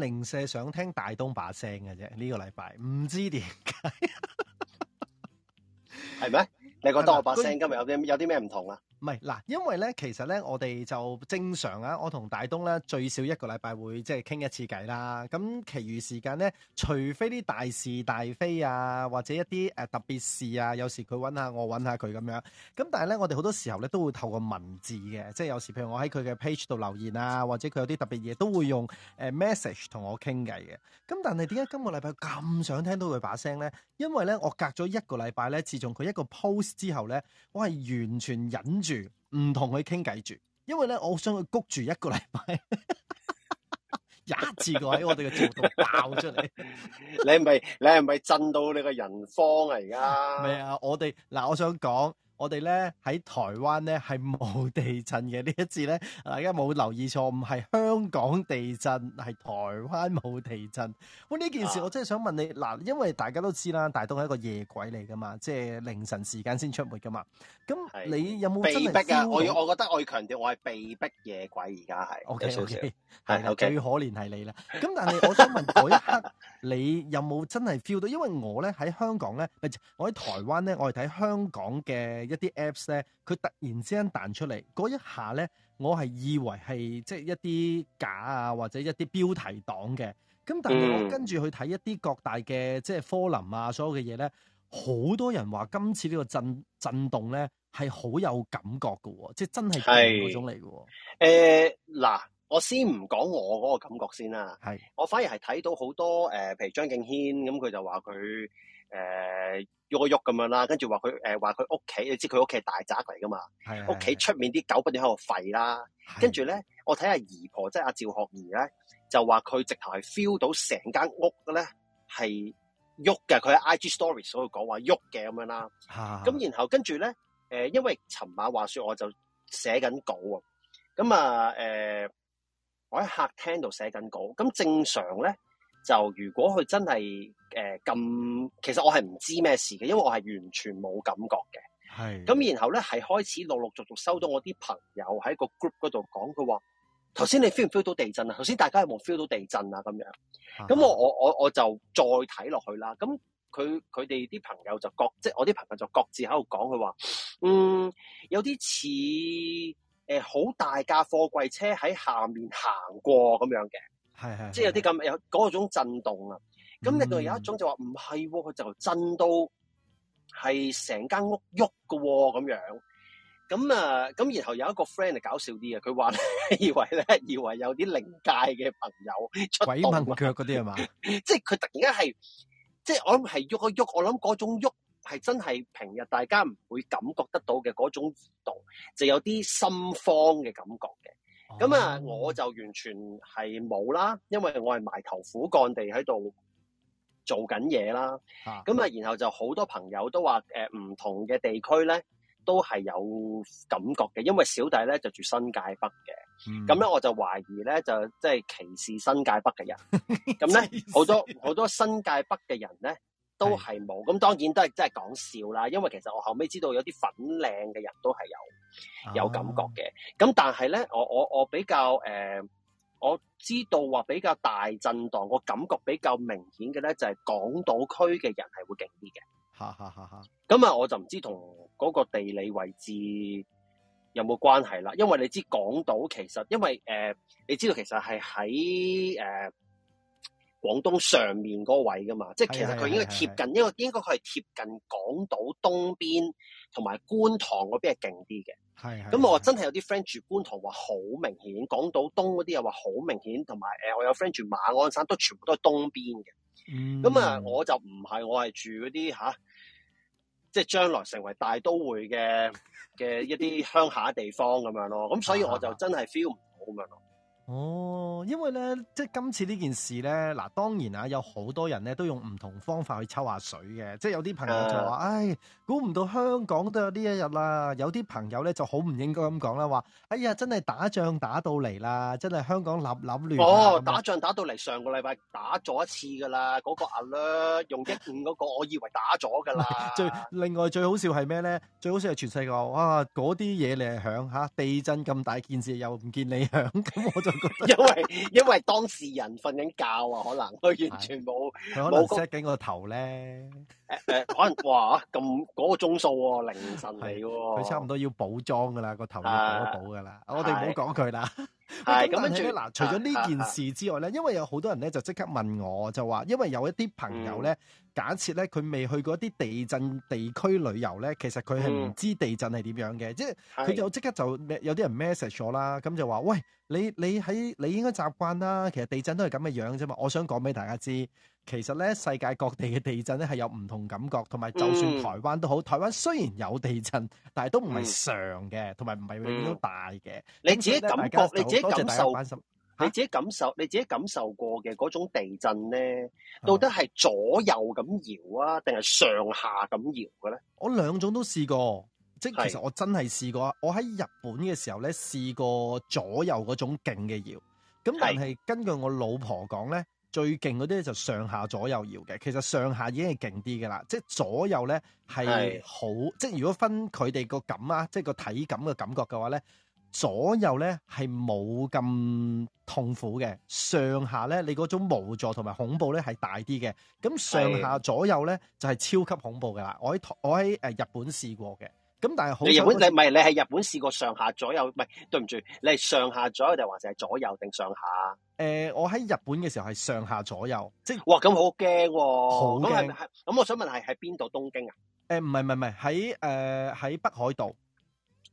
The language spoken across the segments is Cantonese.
零舍想聽大東把聲嘅啫，呢個禮拜唔知點解，係 咩？你覺得我把聲今日有啲有啲咩唔同啊？唔係嗱，因為咧，其實咧，我哋就正常啊。我同大東咧最少一個禮拜會即係傾一次偈啦。咁其餘時間咧，除非啲大是大非啊，或者一啲誒特別事啊，有時佢揾下我揾下佢咁樣，咁但係咧，我哋好多時候咧都會透過文字嘅，即係有時譬如我喺佢嘅 page 度留言啊，或者佢有啲特別嘢都會用誒 message 同我傾偈嘅。咁但係點解今個禮拜咁想聽到佢把聲咧？因為咧我隔咗一個禮拜咧，自從佢一個 post 之後咧，我係完全忍住。唔同佢傾偈住，因為咧，我想去谷住一個禮拜，一 次過喺我哋嘅節目度爆出嚟， 你咪，你係咪震到你個人慌啊而家？未啊， 我哋嗱，我想講。我哋咧喺台灣咧係冇地震嘅，呢一次咧，大家冇留意錯，唔係香港地震，係台灣冇地震。哇！呢件事我真係想問你嗱，因為大家都知啦，大東係一個夜鬼嚟噶嘛，即係凌晨時間先出沒噶嘛。咁你有冇被逼啊？我我覺得我要強調，我係被逼夜鬼而家係。O K O K，係最可憐係你啦。咁但係我想問嗰 一刻，你有冇真係 feel 到？因為我咧喺香港咧，我喺台灣咧，我係睇香港嘅。一啲 Apps 咧，佢突然之間彈出嚟嗰一下咧，我係以為係即係一啲假啊，或者一啲標題黨嘅。咁但係我跟住去睇一啲各大嘅、嗯、即係科林啊，所有嘅嘢咧，好多人話今次呢個震震動咧係好有感覺㗎喎，即係真係嗰種嚟嘅喎。嗱、呃，我先唔講我嗰個感覺先啦。係，我反而係睇到好多誒、呃，譬如張敬軒咁，佢就話佢。誒、呃，喐一喐咁樣啦，跟住話佢，誒話佢屋企，你知佢屋企係大宅嚟噶嘛？係屋企出面啲狗不斷喺度吠啦，跟住咧，我睇下姨婆，即係阿趙學儀咧，就話佢直頭係 feel 到成間屋咧係喐嘅，佢喺 IG stories 所講話喐嘅咁樣啦。咁然後跟住咧，誒、呃，因為尋晚話說我就寫緊稿啊，咁啊，誒，我喺客廳度寫緊稿，咁正常咧。就如果佢真係誒咁，其實我係唔知咩事嘅，因為我係完全冇感覺嘅。係，咁，然後咧係開始陸陸續續收到我啲朋友喺個 group 嗰度講，佢話，頭先你 feel 唔 feel 到地震啊？頭先大家有冇 feel 到地震啊？咁樣，咁我我我我就再睇落去啦。咁佢佢哋啲朋友就各即係、就是，我啲朋友就各自喺度講，佢話，嗯，有啲似誒好大架貨櫃車喺下面行過咁樣嘅。係，即係有啲咁有嗰種震動啊，咁另外有一種就話唔係，佢就震到係成間屋喐噶，啊，咁樣，咁啊，咁然後有一個 friend 係搞笑啲啊，佢話咧以為咧以為有啲靈界嘅朋友出動啊，鬼門腳嗰啲係嘛？即係佢突然間係，即係我諗係喐一喐，我諗嗰種喐係真係平日大家唔會感覺得到嘅嗰種移動，就有啲心慌嘅感覺嘅。咁、哦、啊，我就完全係冇啦，因為我係埋頭苦幹地喺度做緊嘢啦。咁啊，然後就好多朋友都話呃、唔同嘅地區咧都係有感覺嘅，因為小弟咧就住新界北嘅，咁、嗯、咧我就懷疑咧就即係、即係、歧視新界北嘅人。咁咧好多好多新界北嘅人咧。都係冇，咁當然都係真係講笑啦。因為其實我後尾知道有啲粉嶺嘅人都係有有感覺嘅。咁、啊、但係呢，我我我比較誒、呃，我知道話比較大震盪，我感覺比較明顯嘅呢，就係、是、港島區嘅人係會勁啲嘅。哈哈哈！咁啊，啊啊我就唔知同嗰個地理位置有冇關係啦。因為你知道港島其實因為誒、呃，你知道其實係喺誒。呃廣東上面嗰位㗎嘛，即係其實佢應該貼近，係係係係係因為應該佢係貼近港島東邊同埋觀塘嗰邊係勁啲嘅。係係。咁我真係有啲 friend 住觀塘話好明顯，港島東嗰啲又話好明顯，同埋誒我有 friend 住馬鞍山都全部都係東邊嘅。咁、嗯、啊，我就唔係，我係住嗰啲吓，即係將來成為大都會嘅嘅一啲鄉下地方咁樣咯。咁所以我就真係 feel 唔到咁樣咯。哦，因為咧，即係今次呢件事咧，嗱，當然啊，有好多人咧都用唔同方法去抽下水嘅。即係有啲朋友就話、嗯，唉，估唔到香港都有呢一日啦，有啲朋友咧就好唔應該咁講啦，話哎呀，真係打仗打到嚟啦，真係香港立立亂、亂、亂、亂哦，打仗打到嚟，上個禮拜打咗一次噶啦，嗰、嗰個 alert 用一五嗰個，我以為打咗噶啦，最另外最好笑係咩咧？最好笑係全世界，哇，嗰啲嘢你係響吓，地震咁大件事又唔見你響，咁我就。因為因為當事人瞓緊覺啊，可能佢完全冇，佢可能 set 緊個頭咧。誒誒，可能話咁嗰個鐘數喎，凌晨嚟嘅喎，佢差唔多要補妝噶啦，個頭要補一補噶啦，我哋唔好講佢啦。.係咁樣嗱，除咗呢件事之外咧，因為有好多人咧就即刻問我，就話因為有一啲朋友咧，假設咧佢未去過一啲地震地區旅遊咧，其實佢係唔知地震係點樣嘅，即係佢就即刻就有啲人 message 咗啦，咁就話：喂，你你喺你應該習慣啦，其實地震都係咁嘅樣啫嘛。我想講俾大家知。其實咧，世界各地嘅地震咧係有唔同感覺，同埋就算台灣都好，嗯、台灣雖然有地震，但係都唔係常嘅，同埋唔係咁大嘅。你自己感覺，你自己感受，你自己感受，啊、你自己感受過嘅嗰種地震咧，到底係左右咁搖啊，定、嗯、係上下咁搖嘅咧？我兩種都試過，即係其實我真係試過，我喺日本嘅時候咧試過左右嗰種勁嘅搖，咁但係根據我老婆講咧。最勁嗰啲咧就上下左右搖嘅，其實上下已經係勁啲嘅啦，即左右咧係好，即如果分佢哋個感啊，即係個體感嘅感覺嘅話咧，左右咧係冇咁痛苦嘅，上下咧你嗰種無助同埋恐怖咧係大啲嘅，咁上下左右咧就係、是、超級恐怖嘅啦，我喺我喺誒日本試過嘅。咁但係好，你日本你唔係你係日本試過上下左右，唔係對唔住，你係上下左右定還是係左右定上下？誒，我喺日本嘅時候係上下左右，即係哇，咁好驚，好驚，咁我想問係喺邊度？東京啊？誒，唔係唔係唔係喺誒喺北海道，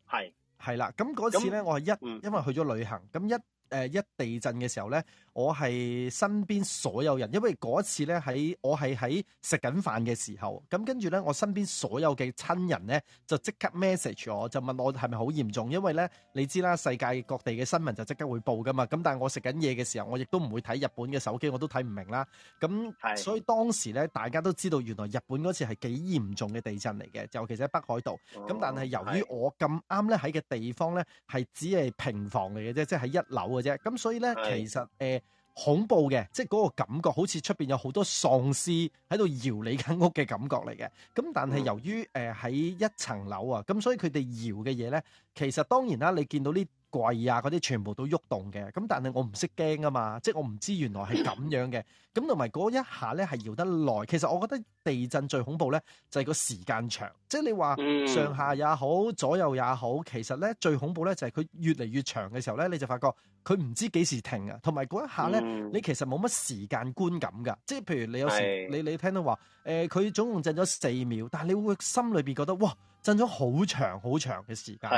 係係啦。咁嗰次咧，我係一因為去咗旅行，咁一誒一地震嘅時候咧。我係身邊所有人，因為嗰次咧，喺我係喺食緊飯嘅時候，咁跟住咧我身邊所有嘅親人咧就即刻 message 我，就問我係咪好嚴重，因為咧你知啦，世界各地嘅新聞就即刻會報㗎嘛，咁但係我食緊嘢嘅時候，我亦都唔會睇日本嘅手機，我都睇唔明啦。咁所以當時咧，大家都知道原來日本嗰次係幾嚴重嘅地震嚟嘅，尤其是喺北海道。咁但係由於我咁啱咧喺嘅地方咧係只係平房嚟嘅啫，即係喺一樓嘅啫。咁所以咧其實誒。恐怖嘅，即係嗰個感覺好似出邊有好多喪屍喺度搖你間屋嘅感覺嚟嘅。咁但係由於誒喺一層樓啊，咁所以佢哋搖嘅嘢咧，其實當然啦，你見到呢？櫃啊，嗰啲全部都喐動嘅，咁但係我唔識驚啊嘛，即係我唔知原來係咁樣嘅，咁同埋嗰一下咧係搖得耐。其實我覺得地震最恐怖咧就係、是、個時間長，即係你話上下也好，左右也好，其實咧最恐怖咧就係、是、佢越嚟越長嘅時候咧，你就發覺佢唔知幾時停啊。同埋嗰一下咧， 你其實冇乜時間觀感㗎，即係譬如你有時你你聽到話誒佢、呃、總共震咗四秒，但係你會心裏邊覺得哇震咗好長好長嘅時間。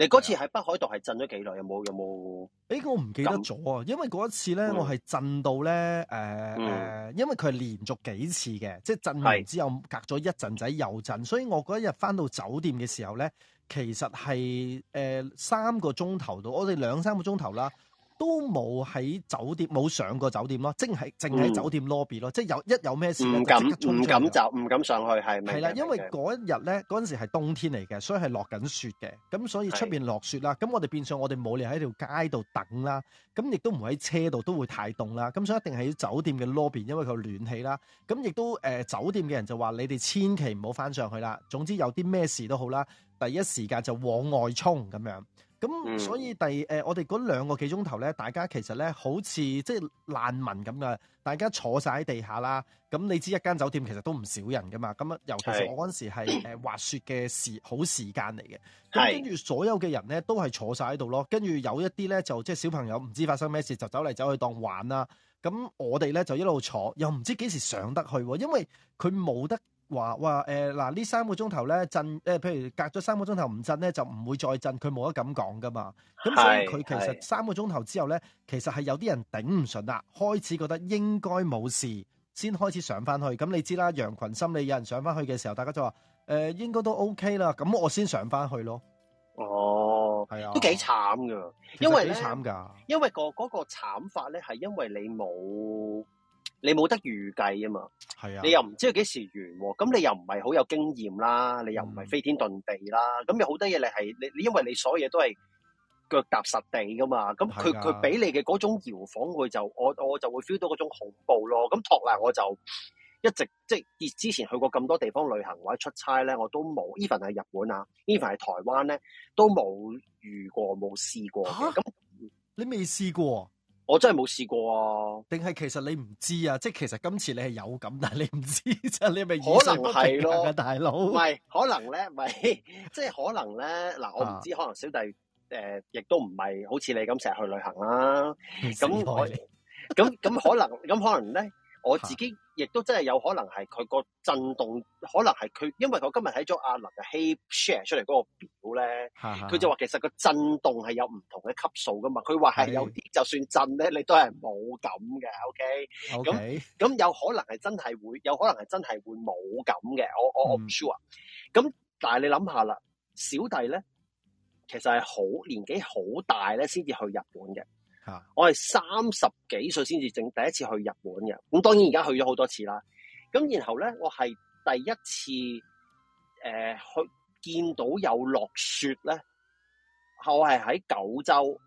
你嗰次喺北海道係震咗幾耐？有冇有冇？哎、欸，我唔記得咗啊！因為嗰一次咧，我係震到咧，誒、嗯呃、因為佢係連續幾次嘅，即係震完之後隔咗一陣仔又震，所以我嗰一日翻到酒店嘅時候咧，其實係呃、三個鐘頭到，我哋兩三個鐘頭啦。都冇喺酒店，冇上過酒店咯，淨喺淨喺酒店 lobby 咯，即係有一有咩事咧，唔敢唔敢就唔敢上去，係咪？係啦，因為嗰一日咧，嗰陣時係冬天嚟嘅，所以係落緊雪嘅，咁所以出面落雪啦，咁我哋變相我哋冇理喺條街度等啦，咁亦都唔喺車度都會太凍啦，咁所以一定喺酒店嘅 lobby，因為佢暖氣啦，咁亦都誒酒店嘅人就話你哋千祈唔好翻上去啦，總之有啲咩事都好啦，第一時間就往外衝咁樣。咁所以第二、嗯呃、我哋嗰兩個幾鐘頭咧，大家其實咧好似即似即係難民咁嘅，大家坐晒喺地下啦。咁你知一間酒店其實都唔少人噶嘛。咁啊，尤其是我嗰陣時係、呃、滑雪嘅時好時間嚟嘅。咁跟住所有嘅人咧都係坐晒喺度咯。跟住有一啲咧就即係小朋友唔知發生咩事就走嚟走去當玩啦。咁我哋咧就一路坐，又唔知幾時上得去，因為佢冇得。話話誒嗱呢三個鐘頭咧震，誒、呃，譬如隔咗三個鐘頭唔震咧，就唔會再震。佢冇得咁講噶嘛。咁所以佢其實三個鐘頭之後咧，其實係有啲人頂唔順啦，開始覺得應該冇事，先開始上翻去。咁你知啦，羊群心理有人上翻去嘅時候，大家就話誒、呃、應該都 OK 啦，咁我先上翻去咯。哦，係啊，都幾慘噶，因為幾慘噶，因為個嗰個慘法咧係因為你冇。你冇得預計啊嘛，係啊，你又唔知佢幾時完喎，咁你又唔係好有經驗啦，你又唔係飛天遁地啦，咁、嗯、有好多嘢你係你你因為你所有嘢都係腳踏實地噶嘛，咁佢佢俾你嘅嗰種搖晃，佢就我我就會 feel 到嗰種恐怖咯，咁托賴我就一直即係之前去過咁多地方旅行或者出差咧，我都冇 even 係日本啊，even 係台灣咧都冇遇過冇試過嘅，咁、啊、你未試過？我真係冇試過啊！定係其實你唔知啊？即係其實今次你係有咁，但係你唔知你是是、啊，即係你咪可能？係囉，大佬。唔係，可能咧，唔係，即係可能咧。嗱，我唔知，可能小弟誒、呃、亦都唔係好似你咁成日去旅行啦、啊。咁、啊、可，咁咁可能，咁可能咧。 我自己亦都真係有可能係佢個震動，可能係佢，因為我今日睇咗阿林嘅 Heap Share 出嚟嗰個表咧，佢就話其實個震動係有唔同嘅級數噶嘛，佢話係有啲就算震咧，你都係冇感嘅，OK？咁、okay, 咁有可能係真係會，有可能係真係會冇感嘅，我我我唔 sure、嗯。咁但係你諗下啦，小弟咧其實係好年紀好大咧先至去日本嘅。我係三十幾歲先至整第一次去日本嘅，咁當然而家去咗好多次啦。咁然後咧，我係第一次誒、呃、去見到有落雪咧，我係喺九州，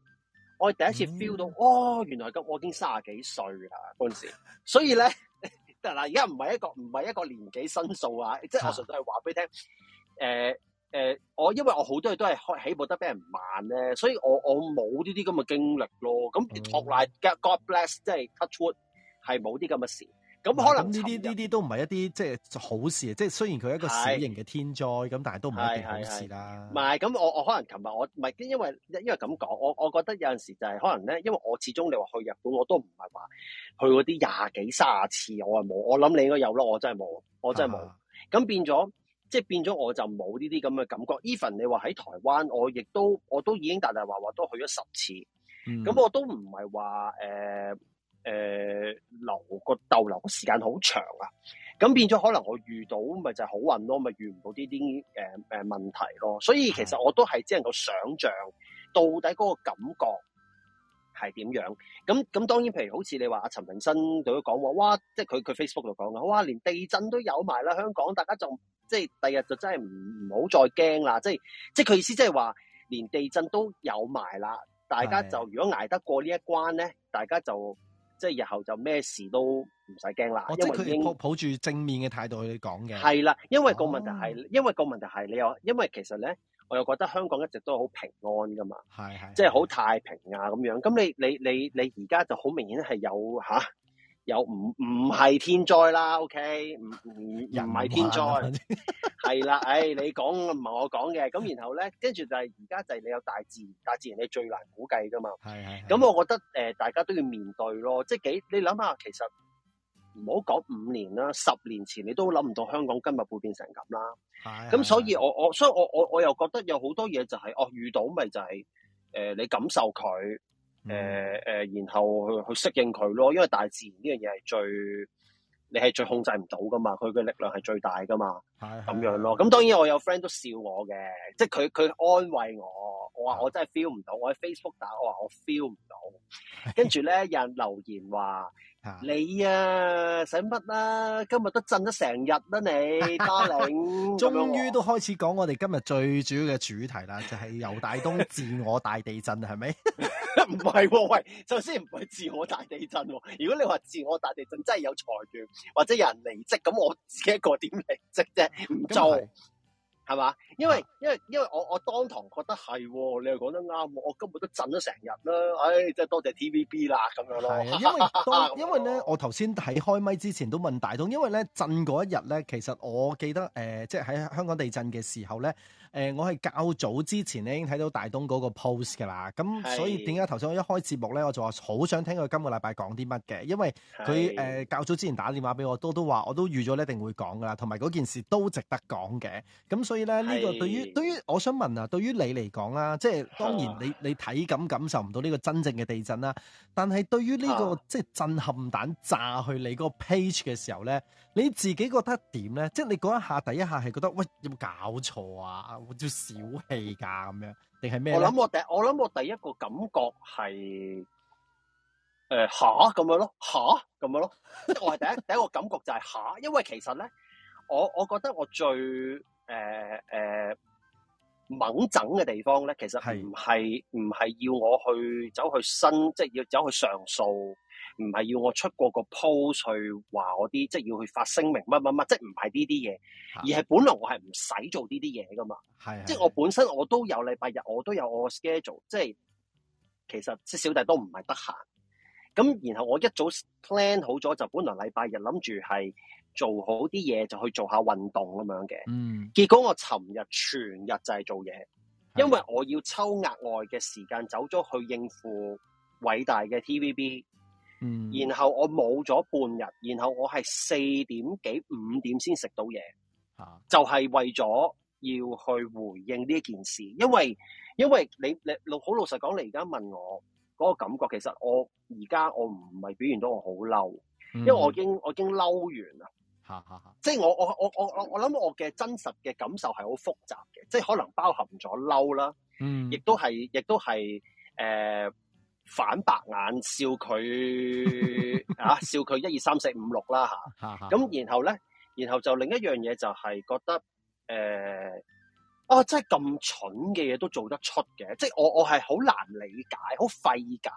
我第一次 feel 到、嗯、哦，原來咁我已經卅幾歲啦嗰陣時，所以咧嗱，而家唔係一個唔係一個年紀身數啊，即係我純粹係話俾你聽，誒、啊。呃誒、呃，我因為我好多嘢都係開起步得比人慢咧，所以我我冇呢啲咁嘅經歷咯。咁、嗯、託賴 God bless，即係 touch wood 係冇啲咁嘅事。咁、嗯、可能呢啲呢啲都唔係一啲即係好事，即係雖然佢係一個小型嘅天災咁，但係都唔係一件好事啦。唔係咁，我我可能琴日我唔係因為因為咁講，我我覺得有陣時就係可能咧，因為我始終你話去日本，我都唔係話去嗰啲廿幾卅次，我係冇。我諗你應該有咯，我真係冇，我真係冇。咁變咗。即係變咗，我就冇呢啲咁嘅感覺。Even 你話喺台灣，我亦都我都已經大大話話都去咗十次，咁、嗯、我都唔係話誒誒留個逗留嘅時間好長啊。咁變咗可能我遇到咪就係好運咯，咪遇唔到呢啲誒誒問題咯。所以其實我都係只能夠想像到底嗰個感覺係點樣。咁咁當然，譬如好似你話阿陳明生對佢講話，哇！即係佢佢 Facebook 度講嘅，哇！連地震都有埋啦，香港大家就～即係第日就真係唔唔好再驚啦！即係即係佢意思即係話，連地震都有埋啦。大家就如果捱得過呢一關咧，大家就即係日後就咩事都唔使驚啦。我即係佢抱住正面嘅態度去講嘅。係啦，因為，是因為，因為個問題係，哦，因為個問題係你又因為其實咧，我又覺得香港一直都好平安噶嘛，係係，即係好太平啊咁樣。咁你你你你而家就好明顯係有嚇。有唔唔係天災啦，OK，唔唔唔係天災，係啦，唉、 哎，你講唔係我講嘅，咁然後咧，跟住就係而家就係你有大自然，大自然你最難估計㗎嘛，係，咁我覺得誒、呃，大家都要面對咯，即係幾，你諗下，其實唔好講五年啦，十年前你都諗唔到香港今日會變成咁啦，係，咁所以我我所以我我我又覺得有好多嘢就係、是，哦，遇到咪就係、是，誒、呃，你感受佢。誒、嗯、誒、呃呃，然後去去適應佢咯，因為大自然呢樣嘢係最，你係最控制唔到噶嘛，佢嘅力量係最大噶嘛，咁樣咯。咁、嗯、當然我有 friend 都笑我嘅，即係佢佢安慰我，我話我真係 feel 唔到，我喺 Facebook 打，我話我 feel 唔到，跟住咧有人留言話，啊你啊，使乜啦？今日都震咗成日啦，你嘉玲。終於都開始講我哋今日最主要嘅主題啦，就係、是、游大東 是吧、 哦、自我大地震係咪？唔係，喂，首先唔係自我大地震。如果你話自我大地震真係有裁員或者有人離職，咁我自己一個點離職啫？唔做。係嘛？因為因為因為我我當堂覺得係，你又講得啱，我根本都震咗成日啦！唉，真係多謝 TVB 啦咁樣咯。因為當因為咧， 我頭先喺開咪之前都問大東，因為咧震嗰一日咧，其實我記得誒，即係喺香港地震嘅時候咧。誒、呃，我係較早之前咧已經睇到大東嗰個 post 噶啦，咁所以點解頭先我一開節目咧，我就話好想聽佢今個禮拜講啲乜嘅？因為佢誒、呃、較早之前打電話俾我，都都話我都預咗一定會講噶啦，同埋嗰件事都值得講嘅，咁所以咧呢、這個對於對於我想問啊，對於你嚟講啦，即、就、係、是、當然你你體感感受唔到呢個真正嘅地震啦，但係對於呢、這個、啊、即係震撼彈炸去你個 page 嘅時候咧，你自己覺得點咧？即係你嗰一下第一,一下係覺得喂，有冇搞錯啊？好少小氣噶咁樣，定係咩？我諗我第我諗我第一個感覺係誒吓，咁樣咯，吓，咁樣咯，即 係我係第一第一個感覺就係、是、吓，因為其實咧，我我覺得我最誒誒懵整嘅地方咧，其實係唔係唔係要我去走去申，即、就、係、是、要走去上訴。唔係要我出過個 post 去話我啲，即係要去發聲明乜乜乜，即係唔係呢啲嘢，而係本來我係唔使做呢啲嘢噶嘛。係，即係我本身我都有禮拜日，我都有我 schedule，即係其實即係小弟都唔係得閒。咁然後我一早 plan 好咗，就本來禮拜日諗住係做好啲嘢就去做下運動咁樣嘅。嗯，結果我尋日全日就係做嘢，因為我要抽額外嘅時間走咗去應付偉大嘅 TVB。嗯，然後我冇咗半日，然後我係四點幾五點先食到嘢，吓、啊，就係、係、為咗要去回應呢件事，因為，因為你你好老實講，你而家問我嗰、嗰個感覺，其實我而家我唔係表現到我好嬲、嗯，因為我已經我已經嬲完啦，吓吓吓，即係我我我我我諗我嘅真實嘅感受係好複雜嘅，即係可能包含咗嬲啦，嗯，亦都係亦都係誒。呃反白眼，笑佢笑佢，一二三四五六啦，吓，咁、啊 嗯、然後咧，然後就另一樣嘢就係覺得誒，哦、呃啊啊，真係咁蠢嘅嘢都做得出嘅。即係我我係好難理解，好費解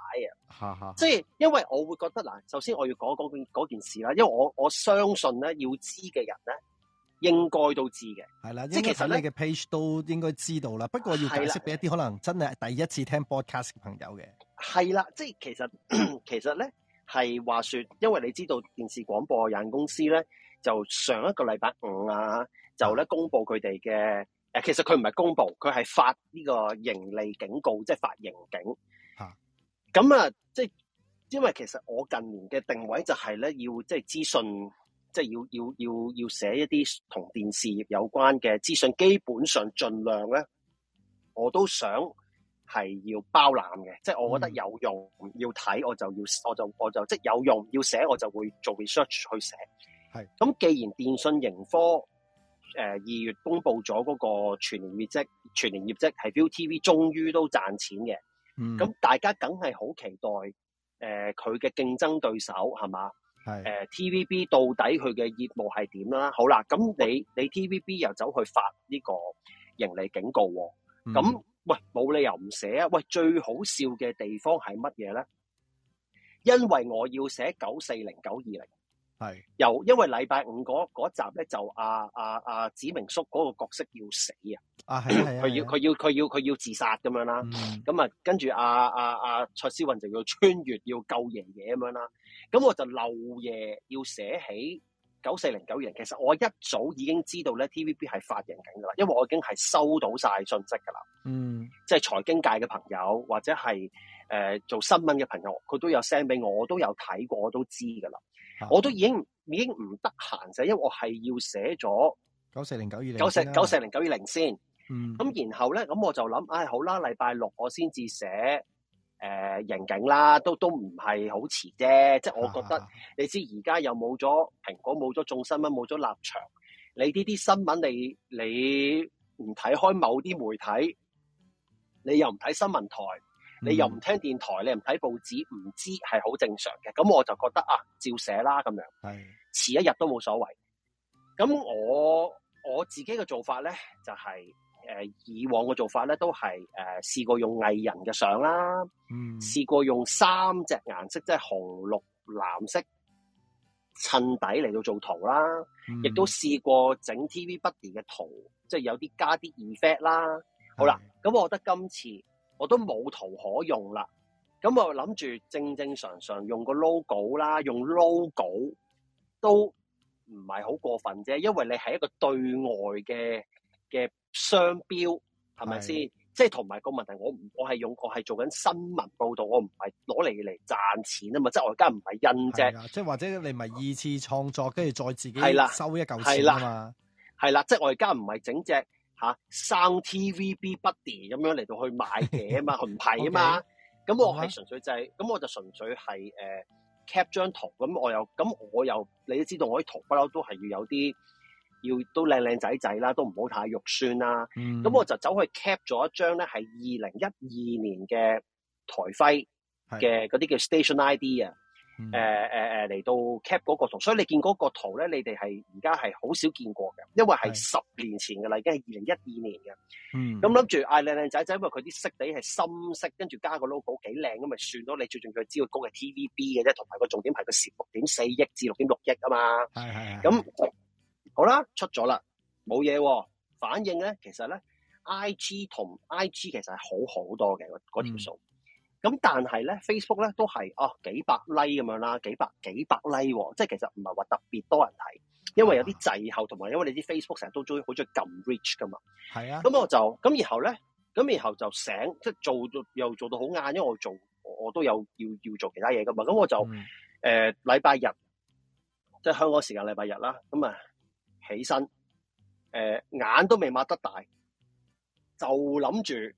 啊， 即係因為我會覺得嗱，首先我要講講件嗰件事啦，因為我我相信咧要知嘅人咧。應該都知嘅，係啦，即係其實你嘅 page 都應該知道啦。不過要解釋俾一啲可能真係第一次聽 broadcast 嘅朋友嘅係啦，即係其實其實咧係話説，因為你知道電視廣播有限公司咧，就上一個禮拜五啊，就咧公佈佢哋嘅誒，其實佢唔係公佈，佢係發呢個盈利警告，即係發盈警啊。咁啊，即係因為其實我近年嘅定位就係咧，要即係資訊。即係要要要要寫一啲同電視業有關嘅資訊，基本上盡量咧，我都想係要包攬嘅、嗯。即係我覺得有用要睇，我就要我就我就即係有用要寫，我就會做 research 去寫。係咁，既然電訊盈科誒二月公布咗嗰個全年業績，全年業績係 ViuTV 終於都賺錢嘅，咁、嗯、大家梗係好期待誒佢嘅競爭對手係嘛？誒、呃、TVB 到底佢嘅業務係點啦？好啦，咁你你 TVB 又走去發呢個盈利警告、哦，咁、嗯、喂冇理由唔寫啊！喂，最好笑嘅地方係乜嘢咧？因為我要寫九四零九二零，係又因為禮拜五嗰集咧就阿阿阿子明叔嗰個角色要死啊！啊係佢要佢要佢要佢要自殺咁樣啦。咁啊，跟住阿阿阿蔡詩韻就要穿越要救爺爺咁樣啦。咁我就漏夜要寫起九四零九二零，其實我一早已經知道咧，TVB 係發行緊噶啦，因為我已經係收到晒訊息噶啦。嗯，即係財經界嘅朋友或者係誒、呃、做新聞嘅朋友，佢都有 send 俾我，我都有睇過，我都知噶啦，啊。我都已經已經唔得閒寫，因為我係要寫咗九四零九二零九四九四零九二零先。嗯，咁然後咧，咁我就諗，唉，哎，好啦，禮拜六我先至寫。誒、呃、刑警啦，都都唔係好遲啫，即係我覺得、啊、你知而家又冇咗蘋果，冇咗眾新聞冇咗立場。你呢啲新聞你你唔睇開某啲媒體，你又唔睇新聞台，你又唔聽電台，你又唔睇報紙，唔知係好正常嘅。咁我就覺得啊，照寫啦，咁樣遲一日都冇所謂。咁我我自己嘅做法咧就係、是。誒、呃，以往嘅做法咧，都係誒、呃、試過用藝人嘅相啦、嗯，試過用三隻顏色，即係紅、綠、藍色襯底嚟到做圖啦，亦、嗯、都試過整 TV Buddy 嘅圖，即係有啲加啲 effect 啦的。好啦，咁、嗯、我覺得今次我都冇圖可用啦，咁、嗯、我諗住正正常，常常用個 logo 啦，用 logo 都唔係好過分啫，因為你係一個對外嘅嘅。的商標係咪先？是是即係同埋個問題，我我係用過係做緊新聞報道，我唔係攞嚟嚟賺錢啊嘛！即係我而家唔係印隻，即係或者你咪二次創作，跟住再自己收一嚿錢係嘛！係啦，即係我而家唔係整隻吓生 TVB Buddy 咁樣嚟到去賣嘢啊嘛，唔係啊嘛！咁、okay, 我係純粹就係、是，咁、uh -huh. 我就純粹係誒，cap 張圖咁，我又咁我又，你都知道我啲圖不嬲都係要有啲。要都靚靚仔仔啦，都唔好太肉酸啦、啊。咁、嗯、我就走去 cap 咗一張咧，係二零一二年嘅台徽嘅嗰啲叫 station ID 啊。誒誒誒，嚟、呃呃、到 cap 嗰個圖，所以你見嗰個圖咧，你哋係而家係好少見過嘅，因為係十年前㗎喇，已經係二零一二年嘅。咁諗住嗌靚靚仔仔，因為佢啲色底係深色，跟住加個 logo 幾靚，咁咪算到你最重要知道高嘅 TVB 嘅啫，同埋個重點係個十六點四億至六點六億啊嘛。係係咁。是是是。好啦，出咗啦，冇嘢、哦。反應咧，其實咧，I G 同 I G 其實係好好多嘅嗰嗰條數。咁、嗯、但係咧，Facebook 咧都係哦幾百 like 咁樣啦，幾百幾百 like，、哦、即係其實唔係話特別多人睇，因為有啲滯後，同、啊、埋因為你知 Facebook 成日都追好中意撳 reach 㗎嘛。係啊。咁我就咁，然後咧，咁然後就醒，即係做到又做到好晏，因為我做我都有要要做其他嘢㗎嘛。咁我就誒禮拜日，即、就、係、是、香港時間禮拜日啦。咁啊～起身，誒、呃、眼都未擘得大，就諗住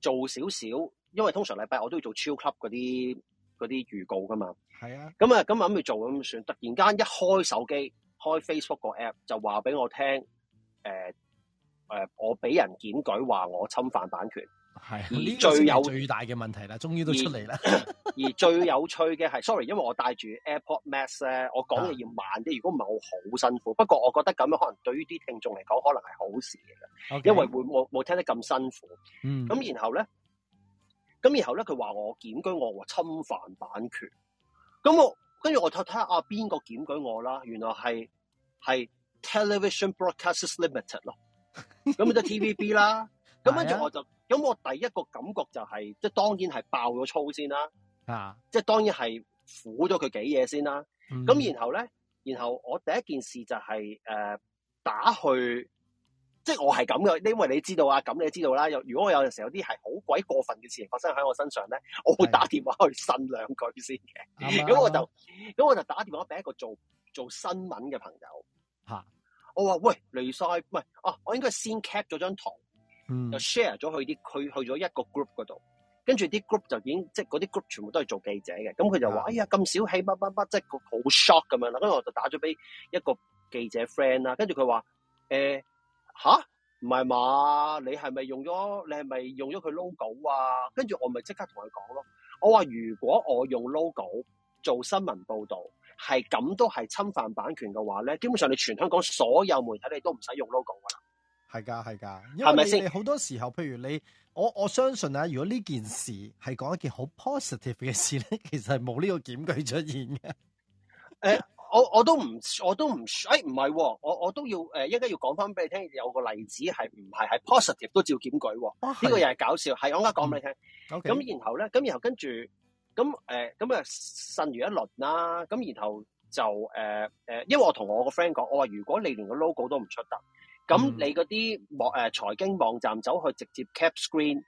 做少少，因為通常禮拜我都要做超級嗰啲嗰啲預告噶嘛。係啊，咁啊咁諗住做咁算，突然間一開手機，開 Facebook 個 app 就話俾我聽，誒、呃、誒、呃、我俾人檢舉話我侵犯版權。係呢個最大嘅問題啦，終於都出嚟啦。而最有趣嘅係 ，sorry，因為我帶住 AirPods Max 咧，我講嘢要慢啲，如果唔係我好辛苦。不過我覺得咁樣可能對於啲聽眾嚟講，可能係好事嚟嘅，okay. 因為會冇冇聽得咁辛苦。咁、嗯、然後咧，咁然後咧，佢話我檢舉我，我侵犯版權。咁我跟住我睇睇下啊，邊個檢舉我啦？原來係係 Television Broadcasts Limited 咯，咁咪就 TVB 啦。 咁跟住我就咁，我第一個感覺就係、是、即係當然係爆咗粗先啦，啊！即係當然係苦咗佢幾嘢先啦。咁、嗯、然後咧，然後我第一件事就係、是、誒、呃、打去，即係我係咁嘅，因為你知道啊，咁你知道啦。有如果我有陣時候有啲係好鬼過分嘅事情發生喺我身上咧，我會打電話去呻兩句先嘅。咁、啊、我就咁、啊、我就打電話俾一個做做新聞嘅朋友嚇、啊，我話喂，雷 Sir 唔係啊，我應該先 cap 咗張圖。嗯、就 share 咗去啲，佢去咗一個 group 嗰度，跟住啲 group 就已經即係嗰啲 group 全部都係做記者嘅，咁佢就話、嗯：哎呀咁小氣，乜乜乜，即係個好 shock 咁樣啦。跟住我就打咗俾一個記者 friend 啦，跟住佢話：誒，吓唔係嘛？你係咪用咗？你係咪用咗佢 logo 啊？跟住我咪即刻同佢講咯。我話如果我用 logo 做新聞報道，係咁都係侵犯版權嘅話咧，基本上你全香港所有媒體你都唔使用 logo 噶啦。係噶係噶，因為，係咪？你好多時候，譬如你，我我相信啊，如果呢件事係講一件好 positive 嘅事咧，其實係冇呢個檢舉出現嘅。誒，我我都唔，我都唔，誒，唔係，我都、哎哦、我，我都要誒、呃，應該要講翻俾你聽，有個例子係唔係係 positive 都照檢舉、哦。呢、啊這個又係搞笑，係我而家講俾你聽。咁、嗯 okay。然後咧，咁然後跟住，咁誒、咁啊信如一輪啦、啊。咁然後就誒誒、呃，因為我同我個 friend 講，我話如果你連個 logo 都唔出得。咁你嗰啲網，誒，財經網站走去直接 cap screen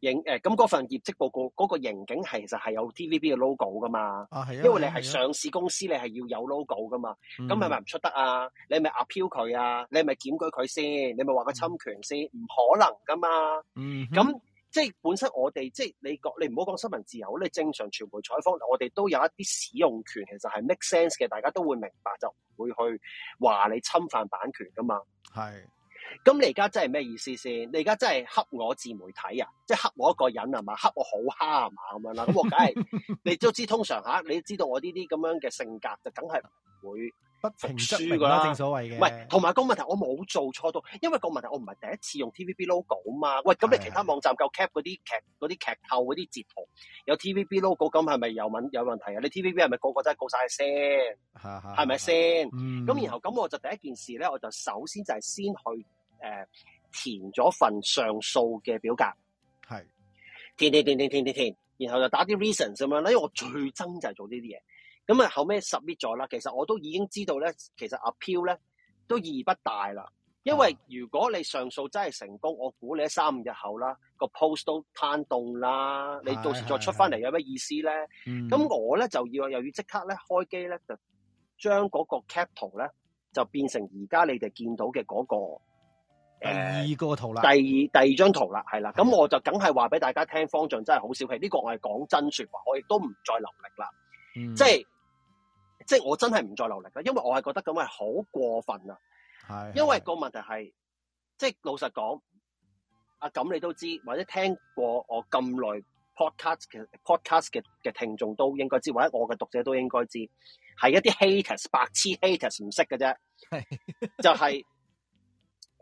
影，咁嗰份業績報告嗰個刑警其實係有 TVB 嘅 logo 噶嘛。啊，係、啊、因為你係上市公司，你係要有 logo 噶嘛。咁係咪唔出得啊？你咪 appeal 佢啊？你咪檢舉佢先？你咪話佢侵權先？唔可能噶嘛。嗯，咁即係本身我哋即係你你唔好講新聞自由，你正常傳媒採訪，我哋都有一啲使用權，其實係 make sense 嘅，大家都會明白就唔會去話你侵犯版權噶嘛。係，咁你而家真係咩意思先？你而家真係恰我自媒體啊，即係恰我一個人係嘛，恰我好蝦啊嘛咁樣啦，咁我梗係， 你都知通常吓，你知道我呢啲咁樣嘅性格就梗係唔會。不服輸㗎啦，正所謂嘅，唔係同埋個問題，我冇做錯到，因為個問題我唔係第一次用 TVB logo 啊嘛。喂，咁你其他網站夠 cap 嗰啲劇、嗰啲劇透、嗰啲截圖有 TVB logo，咁係咪有問有問題啊？你 TVB 係咪個個真係告晒先？係咪先？咁然後咁我就第一件事咧，我就首先就係先去誒、呃、填咗份上訴嘅表格，係填填填填填填填，填，填填填填，然後就打啲 reason 咁樣咧，因為我最憎就係做呢啲嘢。咁啊，後尾 submit 咗啦。其實我都已經知道咧，其實阿飄咧都意義不大啦。因為如果你上訴真係成功，我估你三五日後啦，個 post 都攤凍啦。你到時再出翻嚟有咩意思咧？咁我咧就要又要即刻咧開機咧，就將嗰個 cap 圖咧就變成而家你哋見到嘅嗰、那個第二個圖啦。第二第二張圖啦，係啦。咁我就梗係話俾大家聽，方丈真係好小氣。呢、這個我係講真說話，我亦都唔再留力啦、嗯。即係。即係我真係唔再留力啦，因為我係覺得咁係好過分啊。係，因為個問題係，即係老實講，阿、啊、感你都知，或者聽過我咁耐 podcast，podcast 嘅嘅聽眾都應該知，或者我嘅讀者都應該知，係一啲 haters 白癡 haters 唔識嘅啫。係、就是， 就係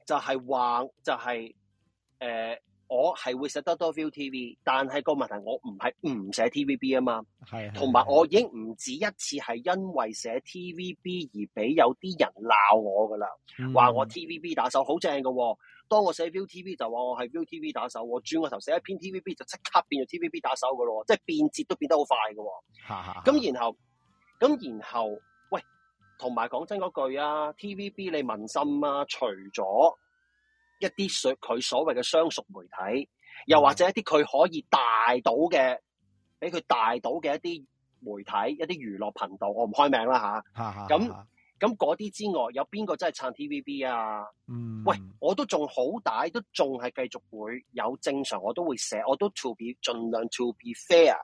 就係話就係誒。呃我係會寫得多 ViuTV，但係個問題係我唔係唔寫 TVB 啊嘛，係同埋我已經唔止一次係因為寫 TVB 而俾有啲人鬧我噶啦，話、嗯、我 TVB 打手好正噶喎。當我寫 ViuTV 就話我係 ViuTV 打手，我轉個頭寫一篇 TVB 就即刻變咗 TVB 打手噶咯，即係變節都變得好快噶喎、啊。咁然後咁然後，喂，同埋講真嗰句啊，TVB 你民心啊，除咗，一啲佢所、所謂嘅相熟媒體，又或者一啲佢可以大到嘅，俾佢大到嘅一啲媒體，一啲娛樂頻道，我唔開名啦吓？咁咁嗰啲之外，有邊個真係撐 TVB 啊？嗯，喂，我都仲好大，都仲係繼續會有正常，我都會寫，我都 to be 盡量 to be fair，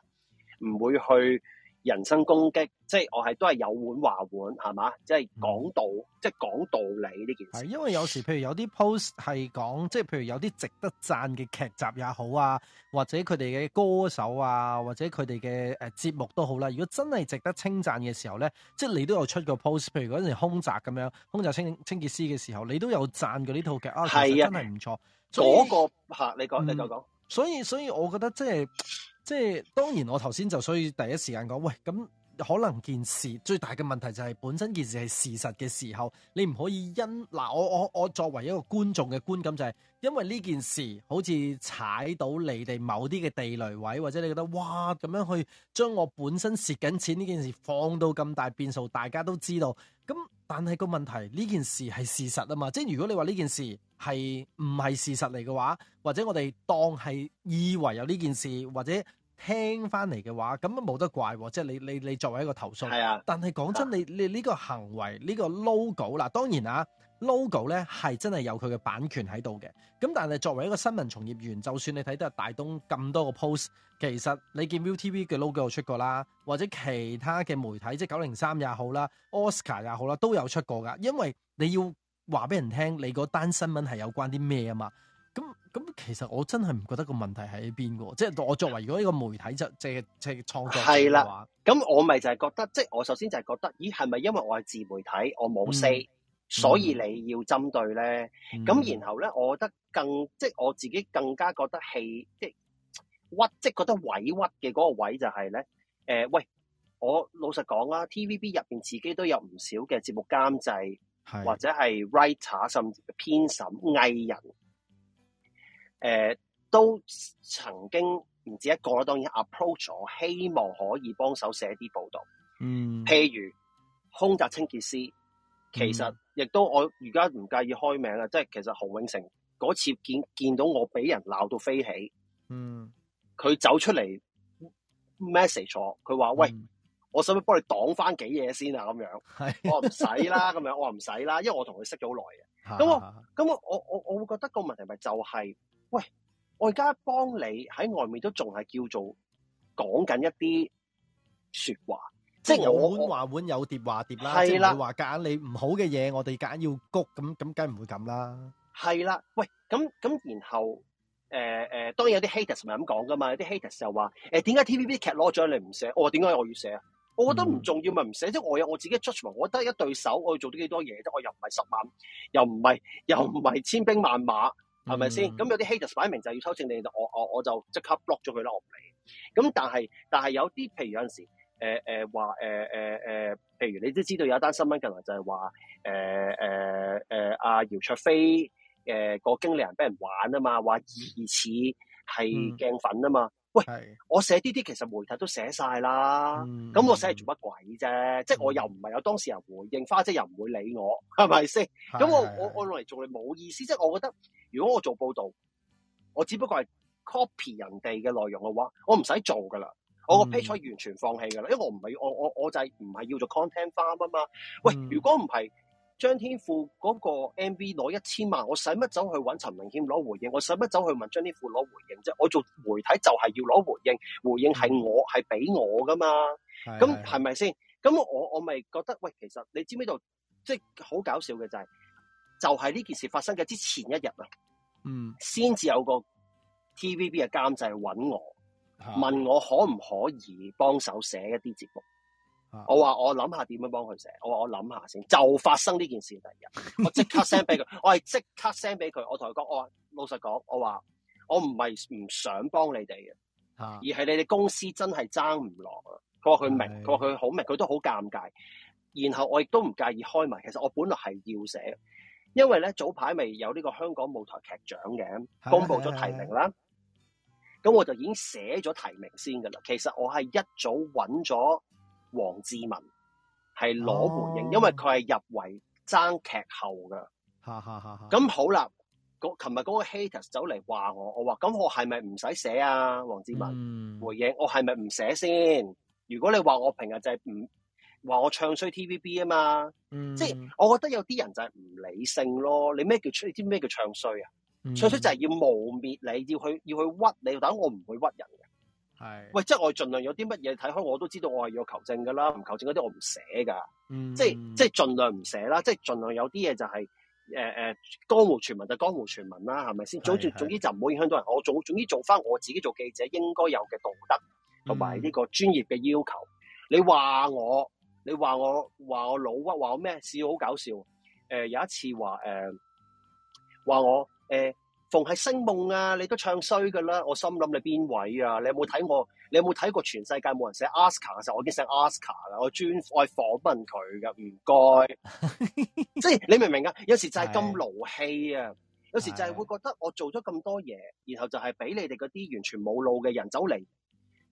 唔會去。人身攻擊，即係我係都係有碗話碗，係嘛？即係講道，嗯、即係講道理呢件事。係因為有時譬如有啲 post 係講，即係譬如有啲值得讚嘅劇集也好啊，或者佢哋嘅歌手啊，或者佢哋嘅誒節目都好啦。如果真係值得稱讚嘅時候咧，即係你都有出個 post。譬如嗰陣時凶宅咁樣，凶宅清清潔師嘅時候，你都有讚過呢套劇啊，其實、那個、啊，真係唔錯。嗰個吓，你講，你再講、嗯。所以，所以我覺得即係。即係當然，我頭先就所以第一時間講，喂咁可能件事最大嘅問題就係本身件事係事實嘅時候，你唔可以因嗱、啊、我我我作為一個觀眾嘅觀感就係，因為呢件事好似踩到你哋某啲嘅地雷位，或者你覺得哇咁樣去將我本身蝕緊錢呢件事放到咁大變數，大家都知道。咁但係個問題呢件事係事實啊嘛，即係如果你話呢件事係唔係事實嚟嘅話，或者我哋當係以為有呢件事或者。聽翻嚟嘅話，咁啊冇得怪，即係你你你作為一個投訴。係啊，但係講真，啊，你你呢個行為呢個 logo 啦，當然啊，logo 咧係真係有佢嘅版權喺度嘅。咁但係作為一個新聞從業員，就算你睇得大東咁多個 post，其實你見 ViuTV 嘅 logo 出過啦，或者其他嘅媒體，即係九零三也好啦，Oscar 也好啦，都有出過噶。因為你要話俾人聽，你嗰單新聞係有關啲咩啊嘛。咁咁，其實我真係唔覺得個問題喺邊嘅，即、就、係、是、我作為如果呢個媒體就即係即係創作係啦。咁我咪就係覺得，即、就、係、是、我首先就係覺得，咦，係咪因為我係自媒體，我冇 say、嗯、所以你要針對咧？咁、嗯、然後咧，我覺得更即係、就是、我自己更加覺得氣，即係屈，即、就、係、是、覺得委屈嘅嗰個位就係、是、咧。誒、呃，喂，我老實講啦，TVB 入邊自己都有唔少嘅節目監製係或者係 writer 甚至編審藝人。誒、呃，都曾經唔止一個啦，當然 approach 我希望可以幫手寫啲報道。嗯，譬如凶宅清潔師，其實亦、嗯、都我而家唔介意開名啦。即係其實洪永城嗰次見見，見到我俾人鬧到飛起，嗯，佢走出嚟 message 我，佢話、嗯、喂，我使唔使幫你擋翻幾嘢先啊？咁樣，啊、我唔使啦，咁 樣我唔使啦，因為我同佢識咗好耐嘅。咁、啊、我咁我我我我會覺得個問題咪就係、是。喂，我而家幫你喺外面都仲係叫做講緊一啲說話，即係有碗話碗有碟話碟啦，即係唔會話夾硬你唔好嘅嘢，我哋夾硬要谷咁咁，梗唔會咁啦。係啦，喂，咁咁然後誒誒、呃，當然有啲 haters 咪咁講噶嘛，有啲 haters 就話誒，點、呃、解 TVB 劇攞咗你唔寫？我點解我要寫啊？我覺得唔重要咪唔寫，即、嗯、係我有我自己嘅 choice 得一對手，我要做多幾多嘢得，我又唔係十萬，又唔係又唔係千兵萬馬。嗯係咪先？咁有啲 haters 擺明就要抽秤你，我我我就即刻 block 咗佢啦，我唔理。咁但係但係有啲譬如有陣時誒誒話誒誒誒，譬如你都知道有一單新聞，近來就係話誒誒誒阿姚卓菲誒個、呃、經理人俾人玩啊嘛，話疑似係鏡粉啊嘛、嗯。喂，我寫呢啲其實媒體都寫晒啦，咁、嗯、我寫嚟做乜鬼啫、嗯？即係我又唔係有當事人回應，花姐又唔會理我，係咪先？咁我我我用嚟做你冇意思，即係我覺得。如果我做報導，我只不過係 copy 人哋嘅內容嘅話，我唔使做噶啦，我個 page 完全放棄噶啦，因為我唔係我我我就係唔係要做 content farm 啊嘛。喂，嗯、如果唔係張天賦嗰個 MV 攞一千萬，我使乜走去揾陳明憲攞回應？我使乜走去問張天賦攞回應啫？我做媒體就係要攞回應，回應係我係俾我噶嘛？咁係咪先？咁我我咪覺得喂，其實你知唔知道？即係好搞笑嘅就係、是。就係、是、呢件事發生嘅之前一日啊，嗯，先至有個 TVB 嘅監製揾我、啊，問我可唔可以幫手寫一啲節目。我話我諗下點樣幫佢寫。我話我諗下，下先。就發生呢件事嘅第二日， 我即刻 send 俾佢。我係即刻 send 俾佢。我同佢講，我話老實講，我話我唔係唔想幫你哋嘅，而係你哋公司真係爭唔落啊。佢話佢明，佢話佢好明，佢都好尷尬。然後我亦都唔介意開埋。其實我本來係要寫。因為咧，早排咪有呢個香港舞台劇獎嘅公布咗提名啦，咁我就已經寫咗提名先噶啦。其實我係一早揾咗黃志文係攞回應，哦、因為佢係入圍爭劇后噶。咁 好啦，嗰琴日嗰個 haters 走嚟話我，我話咁我係咪唔使寫啊？黃志文回應、嗯、我係咪唔寫先？如果你話我平日就係唔。話我唱衰 TVB 啊嘛，嗯、即係我覺得有啲人就係唔理性咯。你咩叫唱？你知咩叫唱衰啊？嗯、唱衰就係要污衊你，要去要去屈你。但係我唔會屈人嘅。係，喂，即係我盡量有啲乜嘢睇開，我都知道我係要求證㗎啦。唔求證嗰啲我唔寫㗎。即係即係盡量唔寫啦。即係盡量有啲嘢就係誒誒江湖傳聞就江湖傳聞啦，係咪先？總之總之就唔好影響到人。我總總之做翻我自己做記者應該有嘅道德同埋呢個專業嘅要求。嗯、你話我？你話我話我老屈話我咩事？好搞笑。誒、呃，有一次話誒，話、呃、我誒、呃，逢係星夢啊，你都唱衰噶啦。我心諗，你邊位啊？你有冇睇我？你有冇睇過？全世界冇人寫 Oscar 嘅時候，我已經寫 Oscar 啦。我專愛訪問佢噶，唔該。即 係 你明唔明啊？有時就係咁勞氣啊， 有時就係會覺得我做咗咁多嘢，然後就係俾你哋嗰啲完全冇腦嘅人走嚟。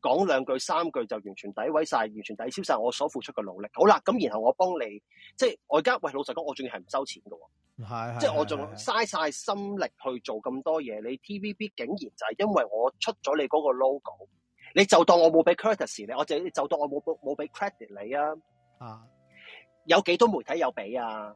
講兩句三句就完全詆毀晒，完全抵消晒我所付出嘅努力。好啦，咁然後我幫你，即係我而家喂老實講，我仲要係唔收錢喎。即係我仲嘥晒心力去做咁多嘢。你 TVB 竟然就係因為我出咗你嗰個 logo，你就當我冇俾 courtesy 你，我淨係就當我冇冇俾 credit 你啊！啊，有幾多媒體有俾啊？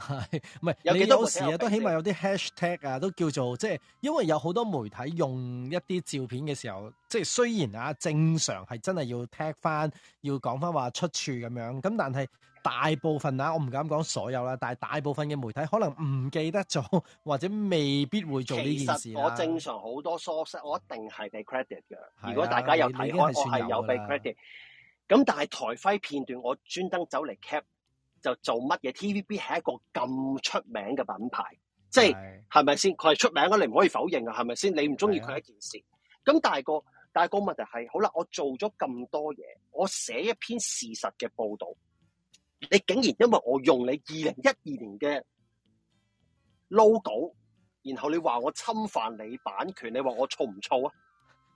係， 唔係你有時都起碼有啲 hashtag 啊，都叫做即係，就是，因為有好多媒體用一啲照片嘅時候，即，就，係，是，雖然啊，正常係真係要 tag 翻，要講翻話出處咁樣。咁但係大部分啊，我唔敢講所有啦，但係大部分嘅媒體可能唔記得咗，或者未必會做呢件事，啊，我正常好多 source，我一定係俾 credit 嘅，啊。如果大家有睇，我我係有俾 credit。咁但係台徽片段，我專登走嚟 cap。就做乜嘢？TVB 係一個咁出名嘅品牌，即係係咪先？佢係出名啊，你唔可以否認啊，係咪先？你唔中意佢一件事，咁但係個但係個問題係、就是，好啦，我做咗咁多嘢，我寫一篇事實嘅報道，你竟然因為我用你二零一二年嘅 logo，然後你話我侵犯你版權，你話我躁唔躁啊？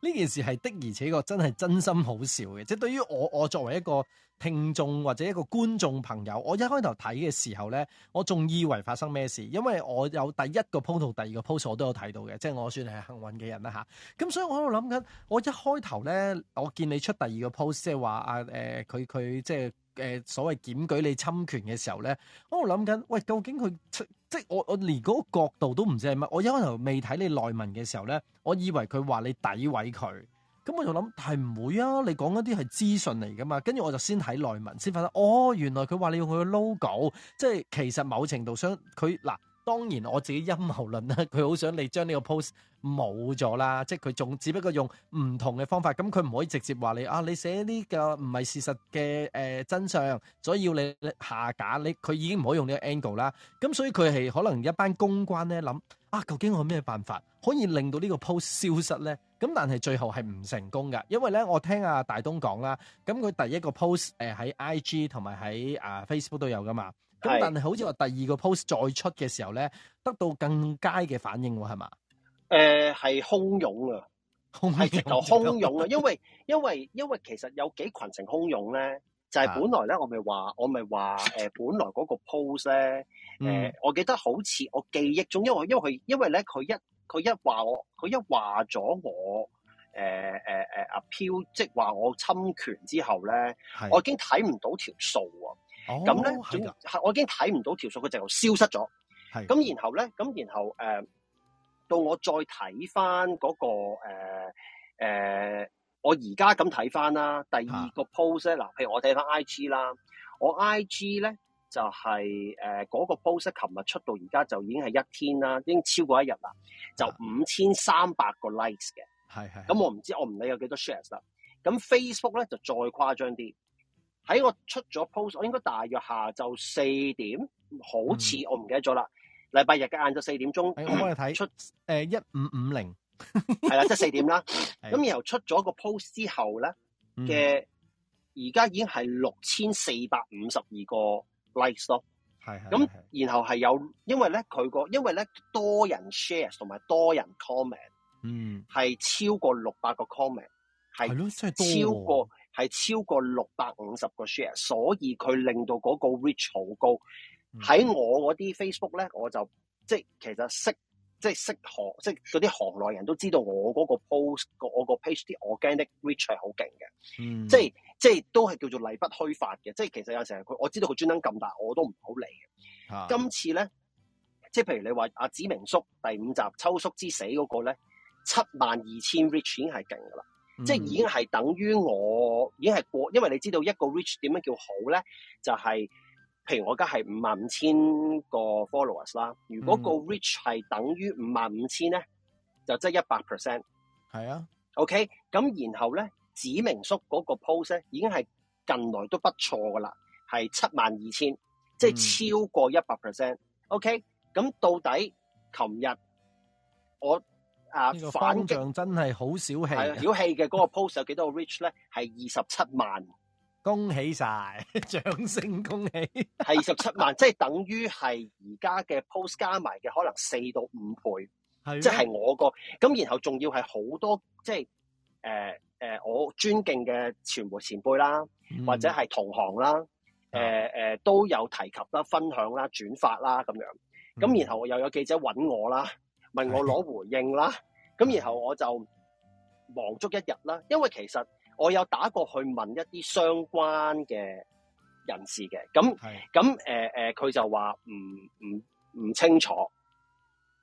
呢件事係的而且確真係真心好笑嘅，即係對於我我作為一個聽眾或者一個觀眾朋友，我一開頭睇嘅時候呢，我仲以為發生咩事，因為我有第一個 post、第二個 post 我都有睇到嘅，即係我算係幸運嘅人啦嚇。咁所以我喺度諗緊，我一開頭呢，我見你出第二個 post，即係話啊誒，佢佢即係。誒所謂檢舉你侵權嘅時候咧，我諗緊，喂，究竟佢即我我連嗰個角度都唔知係乜。我一開頭未睇你內文嘅時候咧，我以為佢話你詆毀佢，咁我就諗係唔會啊。你講一啲係資訊嚟噶嘛？跟住我就先睇內文，先發現哦，原來佢話你用佢嘅 logo，即係其實某程度上佢嗱。當然我自己陰謀論啦，佢好想你將呢個 post。冇咗啦，即係佢仲只不過用唔同嘅方法，咁佢唔可以直接話你啊，你寫呢個唔係事實嘅誒、呃、真相，所以要你下架你，佢已經唔可以用呢個 angle 啦。咁所以佢係可能一班公關咧諗啊，究竟我有咩辦法可以令到呢個 post 消失咧？咁但係最後係唔成功㗎，因為咧我聽阿大東講啦，咁佢第一個 post 誒喺 IG 同埋喺 Facebook 都有噶嘛。咁但係好似話第二個 post 再出嘅時候咧，得到更佳嘅反應喎，係嘛？誒、呃，係洶湧啊，係、oh、直頭洶湧啊，因為因為因為其實有幾群情洶湧咧，就係、是、本來咧，我咪話我咪話誒，本來嗰個 post 咧，誒、呃，嗯、我記得好似我記憶中，因為因為佢因為咧佢一佢一話我佢一話咗我誒誒誒 appeal 即係話我侵權之後咧、哦，我已經睇唔到條數啊，咁咧我已經睇唔到條數，佢直頭消失咗，咁然後咧，咁然後誒。呃到我再睇翻嗰個誒、呃呃、我而家咁睇翻啦，第二個 post 嗱，譬如我睇翻 IG 啦，我 IG 咧就係誒嗰個 post，琴日出到而家就已經係一天啦，已經超過一日啦，就五千三百個 likes 嘅，係係。咁我唔知我唔理有幾多 shares 啦。咁 Facebook 咧就再誇張啲，喺我出咗 post，我應該大約下晝四點，好似、嗯、我唔記得咗啦。禮拜日嘅晏晝四點鐘，我幫你睇出誒一五五零，係、呃、啦， 即係四點啦。咁然後出咗個 post 之後咧嘅，而、嗯、家已經係六千四百五十二個 likes 咯。係，咁然後係有，因為咧佢個，因為咧多人 share 同埋多人 comment，嗯，係超過六百個 comment，係咯，即係多喎，係超過係超過六百五十個 share，所以佢令到嗰個 reach 好高。喺我嗰啲 Facebook 咧，我就即係其實識即係識行，即係嗰啲行內人都知道我嗰個 post 個我個 page 啲 organic reach 係好勁嘅，即係即係都係叫做例不虛發嘅，即係其實有時候，佢我知道佢專登咁大，我都唔好理嘅、啊。今次咧，即係譬如你話阿子明叔第五集秋叔之死嗰個咧，七萬二千 reach 已經係勁噶啦，即係已經係等於我已經係過，因為你知道一個 reach 點樣叫好咧，就係、是。譬如我而家係五萬五千個 followers 啦，如果個 reach 係等於五萬五千咧，就即係一百 percent。係啊，OK。咁然後咧，指明叔嗰個 post 咧已經係近來都不錯噶啦，係七萬二千，即係超過一百 percent。OK。咁到底琴日我、這個、向反啊反擊真係好小氣，小氣嘅嗰個 post 有幾多個 reach 咧？係二十七萬。恭喜晒，掌聲！恭喜係二十七萬，即、就、係、是、等於係而家嘅 post 加埋嘅可能四到五倍，即係、就是、我個。咁然後仲要係好多，即係誒誒，我尊敬嘅傳媒前輩啦，或者係同行啦，誒、嗯、誒、呃呃、都有提及啦、分享啦、轉發啦咁樣。咁然後又有記者揾我啦，問我攞回應啦。咁然後我就忙足一日啦，因為其實。我有打過去問一啲相關嘅人士嘅，咁咁誒誒，佢就話唔唔唔清楚。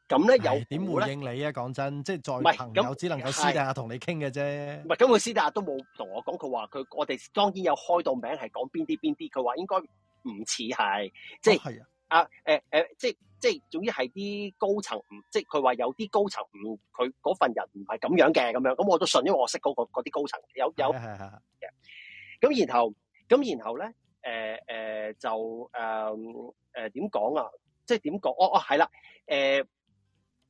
咁咧有點回應你啊？講真，即係再係，咁我只能夠私底下同你傾嘅啫。唔係，咁佢私底下都冇同我講。佢話佢我哋當然有開到名，係講邊啲邊啲。佢話應該唔似係，即係啊誒誒，即係。啊欸呃 ز... 即係總之係啲高層唔，即係佢話有啲高層唔，佢嗰份人唔係咁樣嘅咁樣，咁我都信，因為我識嗰個嗰啲高層有有。咁、 yeah. 然後咁然後咧，誒、呃、誒、呃、就誒誒點講啊？即係點講？哦哦係啦，誒、呃，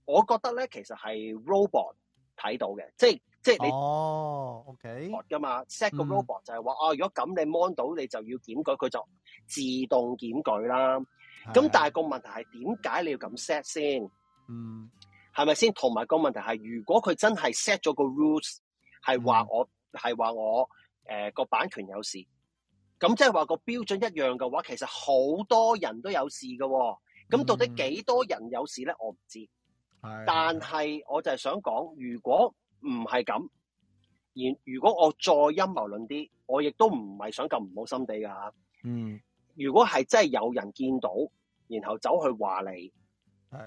我覺得咧其實係 robot 睇到嘅，即係。即係你哦，oh，OK，噶嘛 set 個 robot，嗯、就係、是、話哦，如果咁你 mon 到你就要檢舉，佢就自動檢舉啦。咁但係個問題係點解你要咁 set 先？嗯，係咪先？同埋個問題係，如果佢真係 set 咗個 rules，係話我係話、嗯、我誒、呃、個版權有事，咁即係話個標準一樣嘅話，其實好多人都有事嘅、哦。咁到底幾多人有事咧？我唔知、嗯。但係我就係想講，如果。唔係咁，而如果我再陰謀論啲，我亦都唔係想咁唔好心地噶吓。嗯，如果係真係有人見到，然後走去話你，係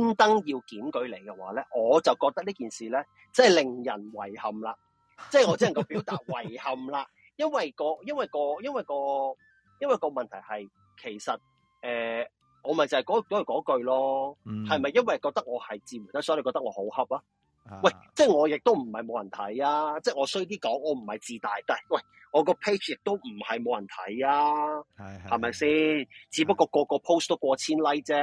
專登要檢舉你嘅話咧，我就覺得呢件事咧，真係令人遺憾啦。即 係我只能夠表達遺憾啦，因為個因為個因為個因為個問題係，其實誒、呃，我咪就係嗰嗰句嗰句咯，係、嗯、咪因為覺得我係自媒體，所以覺得我好恰啊？啊、喂，即係我亦都唔係冇人睇啊！即係我衰啲講，我唔係自大，但係喂，我個 page 亦都唔係冇人睇啊，係係咪先？只不過個個 post 都過千 like 啫，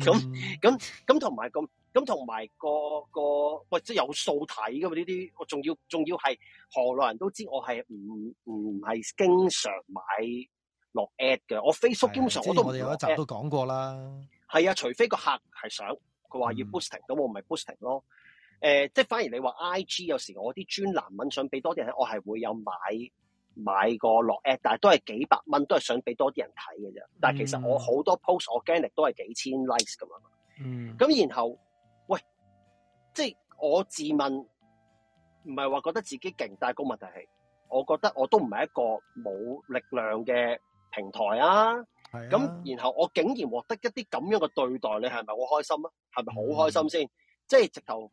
咁咁咁同埋咁咁同埋個個喂即係有數睇噶嘛呢啲，我仲要仲要係何來人都知道我係唔唔係經常買落 ad 嘅？我 Facebook 基本上我都唔會。我有一集都講過啦。係啊，除非個客係想佢話要 boosting，咁、嗯、我咪 boosting 咯。誒、呃，即係反而你話 I G 有時我啲專欄文想俾多啲人睇，我係會有買買個落 ad 但係都係幾百蚊，都係想俾多啲人睇嘅啫。但係其實我好多 post organic 都係幾千 likes 噶嘛。嗯。咁然後，喂，即係我自問，唔係話覺得自己勁，但係個問題係，我覺得我都唔係一個冇力量嘅平台啊。咁、啊、然後我竟然獲得一啲咁樣嘅對待，你係咪好開心啊？係咪好開心先？嗯、即係直頭。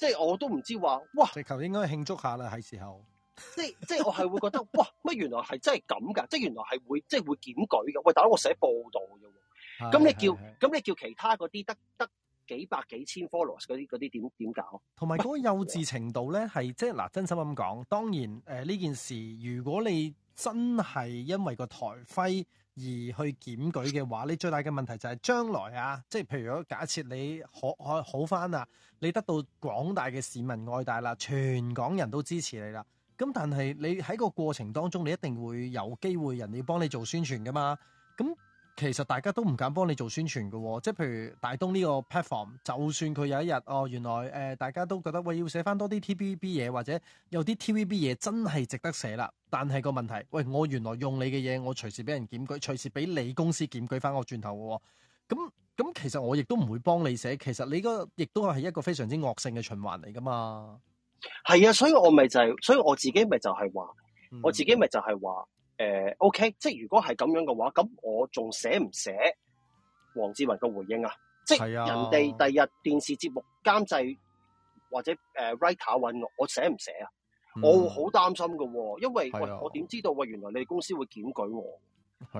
即係我都唔知話，哇！直頭應該慶祝下啦，係時候。即即係我係會覺得， 哇！乜原來係真係咁㗎？即係原來係會即係會檢舉㗎。喂，大佬我寫報道啫喎，咁 你叫咁 你，你叫其他嗰啲得得幾百幾千 followers 嗰啲啲點點搞？同埋嗰個幼稚程度咧係 即係嗱，真心咁講，當然誒呢、呃、件事，如果你真係因為個台徽，而去檢舉嘅話，你最大嘅問題就係將來啊，即係譬如如果假設你可可好翻啊，你得到廣大嘅市民愛戴啦，全港人都支持你啦。咁但係你喺個過程當中，你一定會有機會人哋幫你做宣傳㗎嘛，咁。其實大家都唔敢幫你做宣傳嘅、哦，即係譬如大東呢個 platform，就算佢有一日哦，原來誒、呃、大家都覺得喂要寫翻多啲 TVB 嘢，或者有啲 TVB 嘢真係值得寫啦。但係個問題，喂我原來用你嘅嘢，我隨時俾人檢舉，隨時俾你公司檢舉翻我轉頭嘅喎、哦。咁咁其實我亦都唔會幫你寫。其實你個亦都係一個非常之惡性嘅循環嚟㗎嘛。係啊，所以我咪就係、是，所以我自己咪就係話、嗯，我自己咪就係話。誒、uh，OK，即係如果係咁樣嘅話，咁我仲寫唔寫黃志文嘅回應啊？即係、啊、人哋第日電視節目監製或者誒、uh, writer 揾我，我寫唔寫啊？嗯、我好擔心嘅，因為、啊、喂，我點知道喂，原來你哋公司會檢舉我？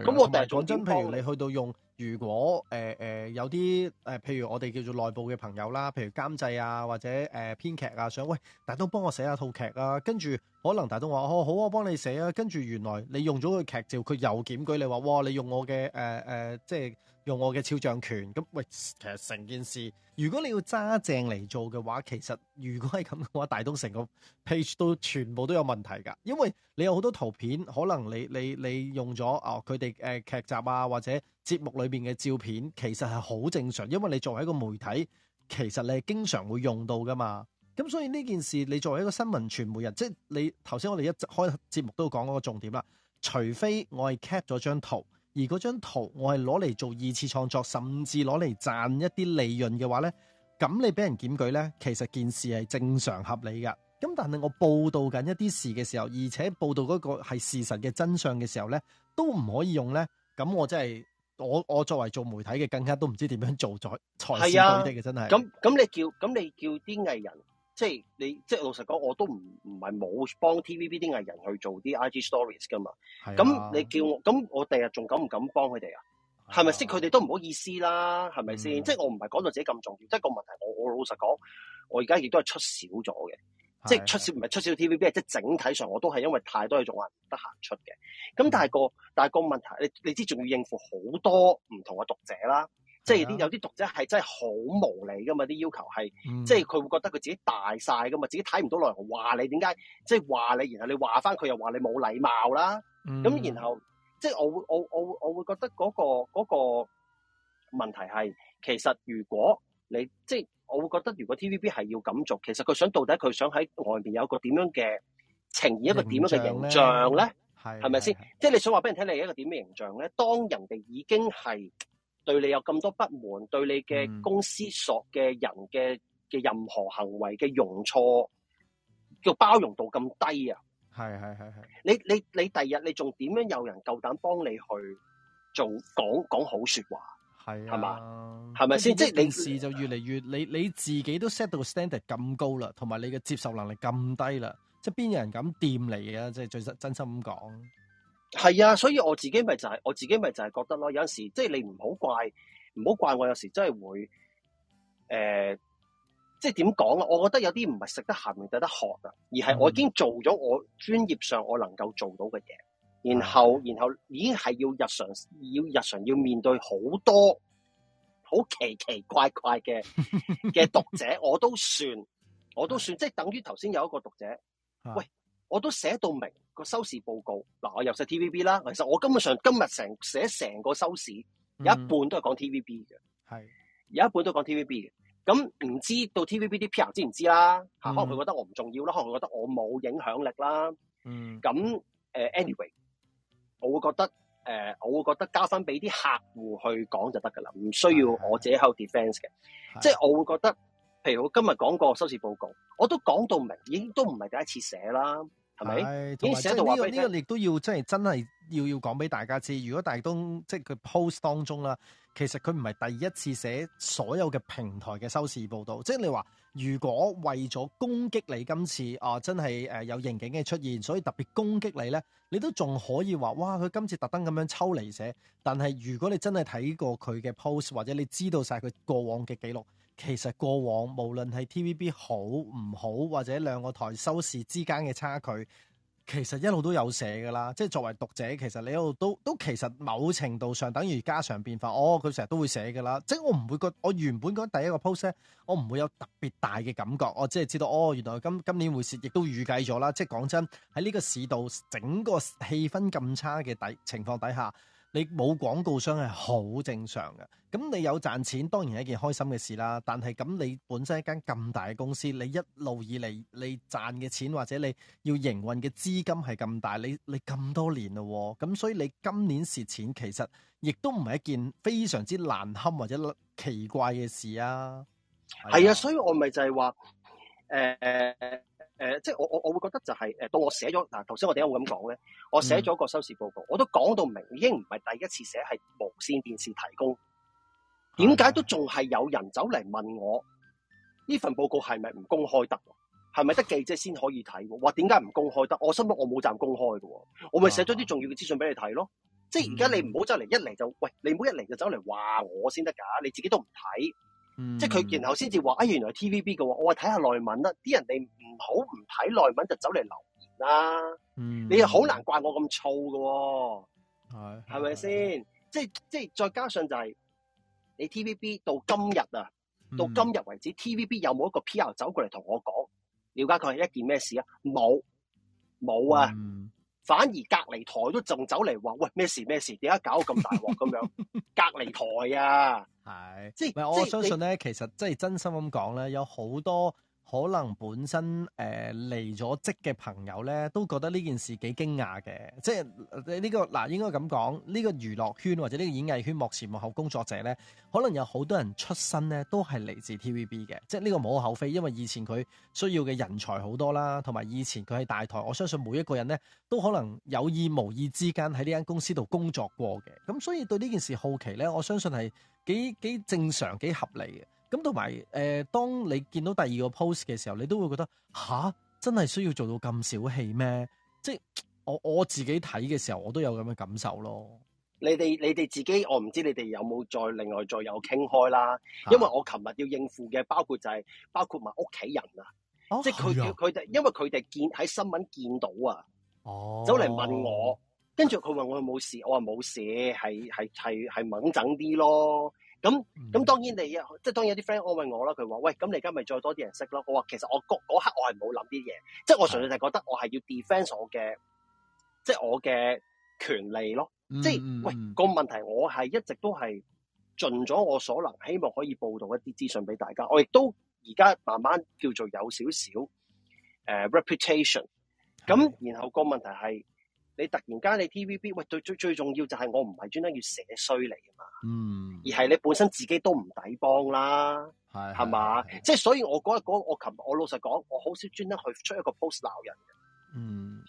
咁、啊、我第日講真，譬如你去到用。如果誒誒、呃呃、有啲、呃、譬如我哋叫做內部嘅朋友啦，譬如監製啊，或者誒、呃、編劇啊，想喂，大東幫我寫下套劇啊。跟住可能大東話：哦，好，我幫你寫啊。跟住原來你用咗佢劇照，佢又檢舉你話：哇，你用我嘅誒、呃呃、即係用我嘅肖像權。咁喂，其實成件事，如果你要揸正嚟做嘅話，其實如果係咁嘅話，大東成個 page 都全部都有問題㗎。因為你有好多圖片，可能你你你用咗啊，佢哋誒劇集啊，或者節目裏邊嘅照片其實係好正常，因為你作為一個媒體，其實你係經常會用到噶嘛。咁所以呢件事，你作為一個新聞傳媒人，即係你頭先我哋一開節目都講嗰個重點啦。除非我係 cap 咗張圖，而嗰張圖我係攞嚟做二次創作，甚至攞嚟賺一啲利潤嘅話呢，咁你俾人檢舉呢，其實件事係正常合理噶。咁但係我報道緊一啲事嘅時候，而且報道嗰個係事實嘅真相嘅時候呢，都唔可以用呢。咁我真係。我我作為做媒體嘅，更加都唔知點樣做才才啊，佢哋嘅真係。咁咁你叫咁你叫啲藝人，即係你即係老實講，我都唔唔係冇幫 TVB 啲藝人去做啲 IG stories 㗎嘛。咁、啊、你叫我咁、嗯、我第日仲敢唔敢幫佢哋啊？係咪識佢哋都唔好意思啦？係咪先？即係我唔係講到自己咁重要，即係個問題我，我我老實講，我而家亦都係出少咗嘅。即係出少唔係出少 TVB，即係整體上我都係因為太多嘢做話唔得閒出嘅。咁、嗯、但係個但係個問題，你你知仲要應付好多唔同嘅讀者啦。即係啲有啲讀者係真係好無理噶嘛，啲要求係，即係佢會覺得佢自己大晒噶嘛，自己睇唔到內容話你點解，即係話你，然後你話返佢又話你冇禮貌啦。咁、嗯、然後即係、就是、我會我我我會覺得嗰個嗰個問題係，其實如果你即係。就是我會覺得，如果 TVB 係要咁做，其實佢想到底佢想喺外面有一個點樣嘅呈現，一個點樣嘅形象咧？係，係咪先？即係你想話俾人睇，你係一個點樣嘅形象咧？當人哋已經係對你有咁多不滿，對你嘅公司索嘅人嘅嘅任何行為嘅容錯叫包容度咁低啊！係，係，係，係，你你你第日你仲點樣有人夠膽幫你去做講講好説話？係啊，係咪先？即係你時就越嚟越你 你自己都 set 到 standard 咁高啦，同埋你嘅接受能力咁低啦，即係邊有人敢掂你啊？即係最真心咁講。係啊，所以我自己咪就係、是、我自己咪就係覺得咯，有陣時即係你唔好怪唔好怪我，有時真係會誒、呃，即係點講啊？我覺得有啲唔係食得鹹就得渴啊，而係我已經做咗我專業上我能夠做到嘅嘢。然後然後已經係要日常要日常要面對好多好奇奇怪怪嘅嘅 讀者，我都算我都算即係、就是、等於頭先有一個讀者，喂，我都寫到明個收視報告嗱，我又寫 T V B 啦，其實我根本上今日成寫成個收視一、嗯、有一半都係講 T V B 嘅，係有一半都講 T V B 嘅，咁唔知道 T V B 啲 P R 知唔知啦？吓，可能佢覺得我唔重要啦，可能佢覺得我冇影響力啦，嗯，咁誒、uh,，anyway。我會覺得，誒、呃，我會覺得交翻俾啲客戶去講就得㗎啦，唔需要我自己喺 defense 嘅。即係我會覺得，譬如我今日講過收視報告，我都講到明，已經都唔係第一次寫啦，係咪？已經寫到呢個呢、這個亦、這個、都要真係真係要要講俾大家知。如果大東即係佢 post 當中啦，其實佢唔係第一次寫所有嘅平台嘅收視報導，即係你話。如果為咗攻擊你今次啊，真係誒有刑警嘅出現，所以特別攻擊你呢，你都仲可以話哇，佢今次特登咁樣抽離寫。」但係如果你真係睇過佢嘅 post，或者你知道晒佢過往嘅記錄，其實過往無論係 TVB 好唔好，或者兩個台收視之間嘅差距。其實一路都有寫噶啦，即係作為讀者，其實你一路都都其實某程度上等於家常便飯。哦，佢成日都會寫噶啦，即係我唔會覺得，我原本嗰第一個 post，我唔會有特別大嘅感覺。我只係知道，哦，原來今今年會蝕，亦都預計咗啦。即係講真，喺呢個市道整個氣氛咁差嘅底情況底下。你冇廣告商係好正常嘅，咁你有賺錢當然係一件開心嘅事啦。但係咁你本身一間咁大嘅公司，你一路以嚟你賺嘅錢或者你要營運嘅資金係咁大，你你咁多年咯喎，咁所以你今年蝕錢其實亦都唔係一件非常之難堪或者奇怪嘅事啊。係啊，所以我咪就係話誒。呃誒、呃，即我我我會覺得就係、是、誒，到我寫咗嗱，頭先我點解會咁講咧？我寫咗個收視報告，嗯、我都講到明，已經唔係第一次寫，係無線電視提供。點解都仲係有人走嚟問我呢、嗯、份報告係咪唔公開得？係咪得記者先可以睇？話點解唔公開得？我心諗我冇站公開嘅喎，我咪寫咗啲重要嘅資訊俾你睇咯。嗯、即係而家你唔好走嚟，一嚟就喂，你唔好一嚟就走嚟話我先得㗎，你自己都唔睇。嗯、即係佢，然後先至話啊，原來 TVB 嘅。我話睇下內文啦，啲人哋唔好唔睇內文就走嚟留言啦，啊嗯，你又好難怪我咁燥嘅，係係咪先？即係即係再加上就係、是、你 TVB 到今日啊，嗯、到今日為止 TVB 有冇一個 PR 走過嚟同我講，了解佢係一件咩事啊？冇冇啊！嗯反而隔離台都仲走嚟話，喂咩事咩事？點解搞到咁大鑊咁樣？ 隔離台啊，係，即係我相信咧，其實即係真心咁講咧，有好多。可能本身誒離咗職嘅朋友咧，都覺得呢件事幾驚訝嘅，即係呢、這個嗱、呃、應該咁講，呢、這個娛樂圈或者呢個演藝圈幕前幕後工作者咧，可能有好多人出身咧都係嚟自 TVB 嘅，即係呢、這個無可厚非，因為以前佢需要嘅人才好多啦，同埋以前佢喺大台，我相信每一個人咧都可能有意無意之間喺呢間公司度工作過嘅，咁所以對呢件事好奇咧，我相信係幾幾正常幾合理嘅。咁同埋，誒、呃，當你見到第二個 post 嘅時候，你都會覺得吓，真係需要做到咁小氣咩？即係我我自己睇嘅時候，我都有咁嘅感受咯。你哋你哋自己，我唔知你哋有冇再另外再有傾開啦、啊。因為我琴日要應付嘅包括就係、是、包括埋屋企人啊，即係佢佢哋，因為佢哋見喺新聞見到啊，哦、走嚟問我，跟住佢問我冇事，我話冇事，係係係係猛整啲咯。咁咁當然你啊，即係當然有啲 friend 安慰我啦。佢話：喂，咁你而家咪再多啲人識咯。我話其實我嗰刻我係冇諗啲嘢，即係、就是、我純粹就覺得我係要 defense 我嘅，即、就、係、是、我嘅權利咯。即係喂、那個問題，我係一直都係盡咗我所能，希望可以報導一啲資訊俾大家。我亦都而家慢慢叫做有少少、呃、reputation。咁然後個問題係。你突然間你 TVB 喂，最最最重要就係我唔係專登要寫衰你嘛，嗯，而係你本身自己都唔抵幫啦，係係嘛，即係所以我嗰日講我琴日我老實講，我好少專登去出一個 post 鬧人嘅，嗯，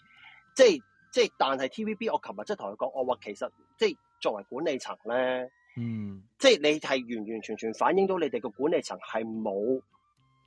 即係即係但係 TVB 我琴日即係同佢講，我話其實即係作為管理層咧，嗯，即係你係完完全全反映到你哋個管理層係冇。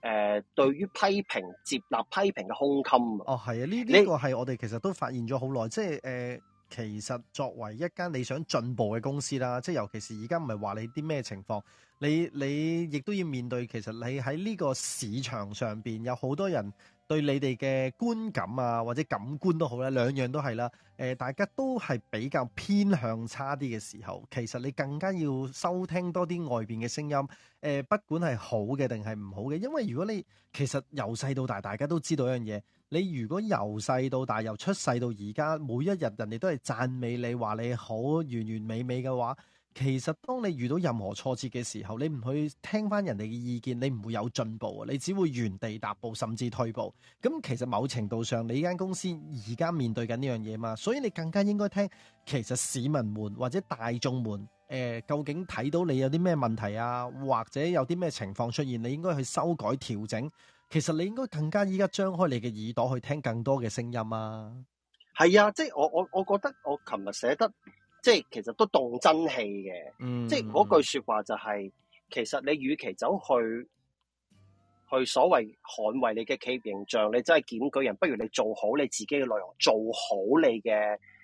誒、呃、對於批評，接納批評嘅胸襟哦，係啊。呢、這、呢個係我哋其實都發現咗好耐，即係誒、呃，其實作為一間你想進步嘅公司啦，即係尤其是而家唔係話你啲咩情況，你你亦都要面對，其實你喺呢個市場上邊有好多人。對你哋嘅觀感啊，或者感官都好啦，兩樣都係啦。誒，大家都係比較偏向差啲嘅時候，其實你更加要收聽多啲外面嘅聲音。呃，不管係好嘅定係唔好嘅，因為如果你其實由細到大，大家都知道一樣嘢，你如果由細到大，由出世到而家，每一日人哋都係讚美你，話你好完完美美嘅話。其實，當你遇到任何挫折嘅時候，你唔去聽翻人哋嘅意見，你唔會有進步啊！你只會原地踏步，甚至退步。咁其實某程度上，你呢間公司而家面對緊呢樣嘢嘛，所以你更加應該聽。其實市民們或者大眾們，誒、呃，究竟睇到你有啲咩問題啊，或者有啲咩情況出現，你應該去修改調整。其實，你應該更加依家張開你嘅耳朵去聽更多嘅聲音啊！係啊，即係我我我覺得我琴日寫得。即係其實都動真氣嘅、嗯，即係嗰句說話就係、是，其實你與其走去去所謂捍衛你嘅企業形象，你真係檢舉人，不如你做好你自己嘅內容，做好你嘅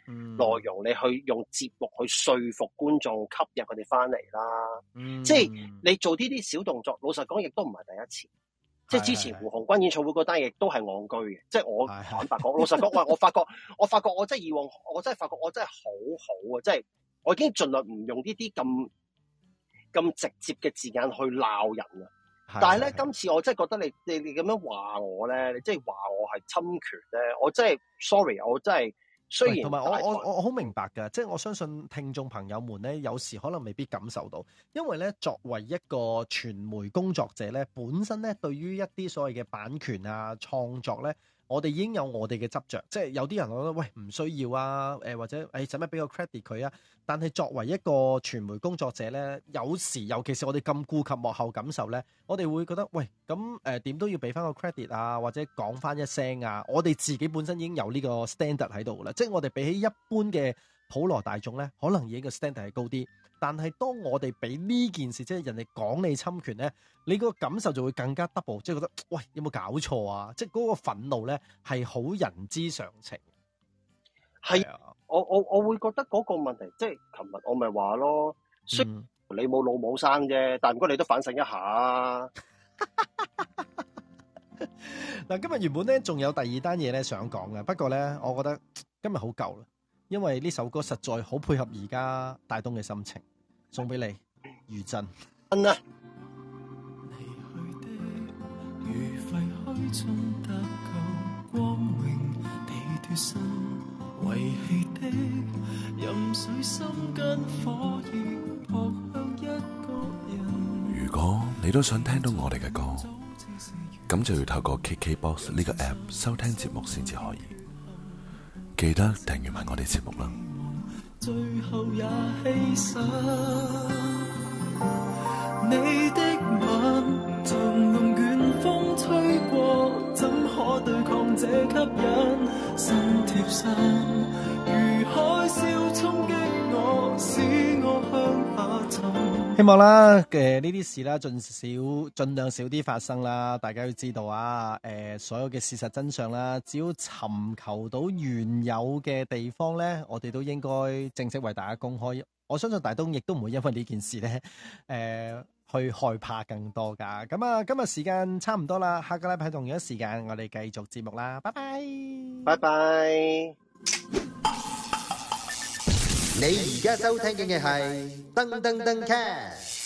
內容，你去用節目去說服觀眾，吸引佢哋翻嚟啦。即係你做呢啲小動作，老實講亦都唔係第一次。即係之前胡鴻鈞演唱會嗰單嘢都係戇居嘅，即係、就是、我坦白講老實講，喂，我發覺 我發覺我真係以往我真係發覺我真係好好啊！即係我已經盡量唔用呢啲咁咁直接嘅字眼去鬧人啊。但係咧，今次我真係覺得你你你咁樣話我咧，你即係話我係侵權咧，我真係 sorry，我真係。雖然，同埋我我我好明白㗎，即係我相信聽眾朋友們咧，有時可能未必感受到，因為咧，作為一個傳媒工作者咧，本身咧對於一啲所謂嘅版權啊、創作咧。我哋已經有我哋嘅執着，即係有啲人覺得喂唔需要啊，呃、或者誒使乜俾個 credit 佢啊？但係作為一個傳媒工作者咧，有時尤其是我哋咁顧及幕後感受咧，我哋會覺得喂咁誒點都要俾翻個 credit 啊，或者講翻一聲啊。我哋自己本身已經有呢個 standard 喺度啦，即係我哋比起一般嘅普羅大眾咧，可能已經個 standard 係高啲。但係，當我哋俾呢件事，即係人哋講你侵權咧，你個感受就會更加 double，即係覺得喂有冇搞錯啊！即係嗰個憤怒咧係好人之常情。係、哎、我我我會覺得嗰個問題，即係琴日我咪話咯，雖你冇老母生啫，但係唔該你都反省一下。嗱， 今日原本咧仲有第二單嘢咧想講嘅，不過咧我覺得今日好夠啦。因為呢首歌實在好配合而家大東嘅心情，送俾你餘震。嗯啊。如果你都想聽到我哋嘅歌，咁就要透過 KKBOX 呢個 app 收聽節目先至可以。記得訂閱埋我哋節目啦。最後也犧牲你的吻，像龍捲風吹過，怎可對抗這吸引，身貼身如海嘯衝擊我希望啦，誒呢啲事啦，盡少盡量少啲發生啦。大家要知道啊，誒、呃、所有嘅事實真相啦，只要尋求到原有嘅地方咧，我哋都應該正式為大家公開。我相信大東亦都唔會因為呢件事咧，誒、呃、去害怕更多㗎。咁啊，今日時間差唔多啦，下個禮拜同樣時間我哋繼續節目啦，拜拜，拜拜。你而家收聽嘅係噔噔噔 cat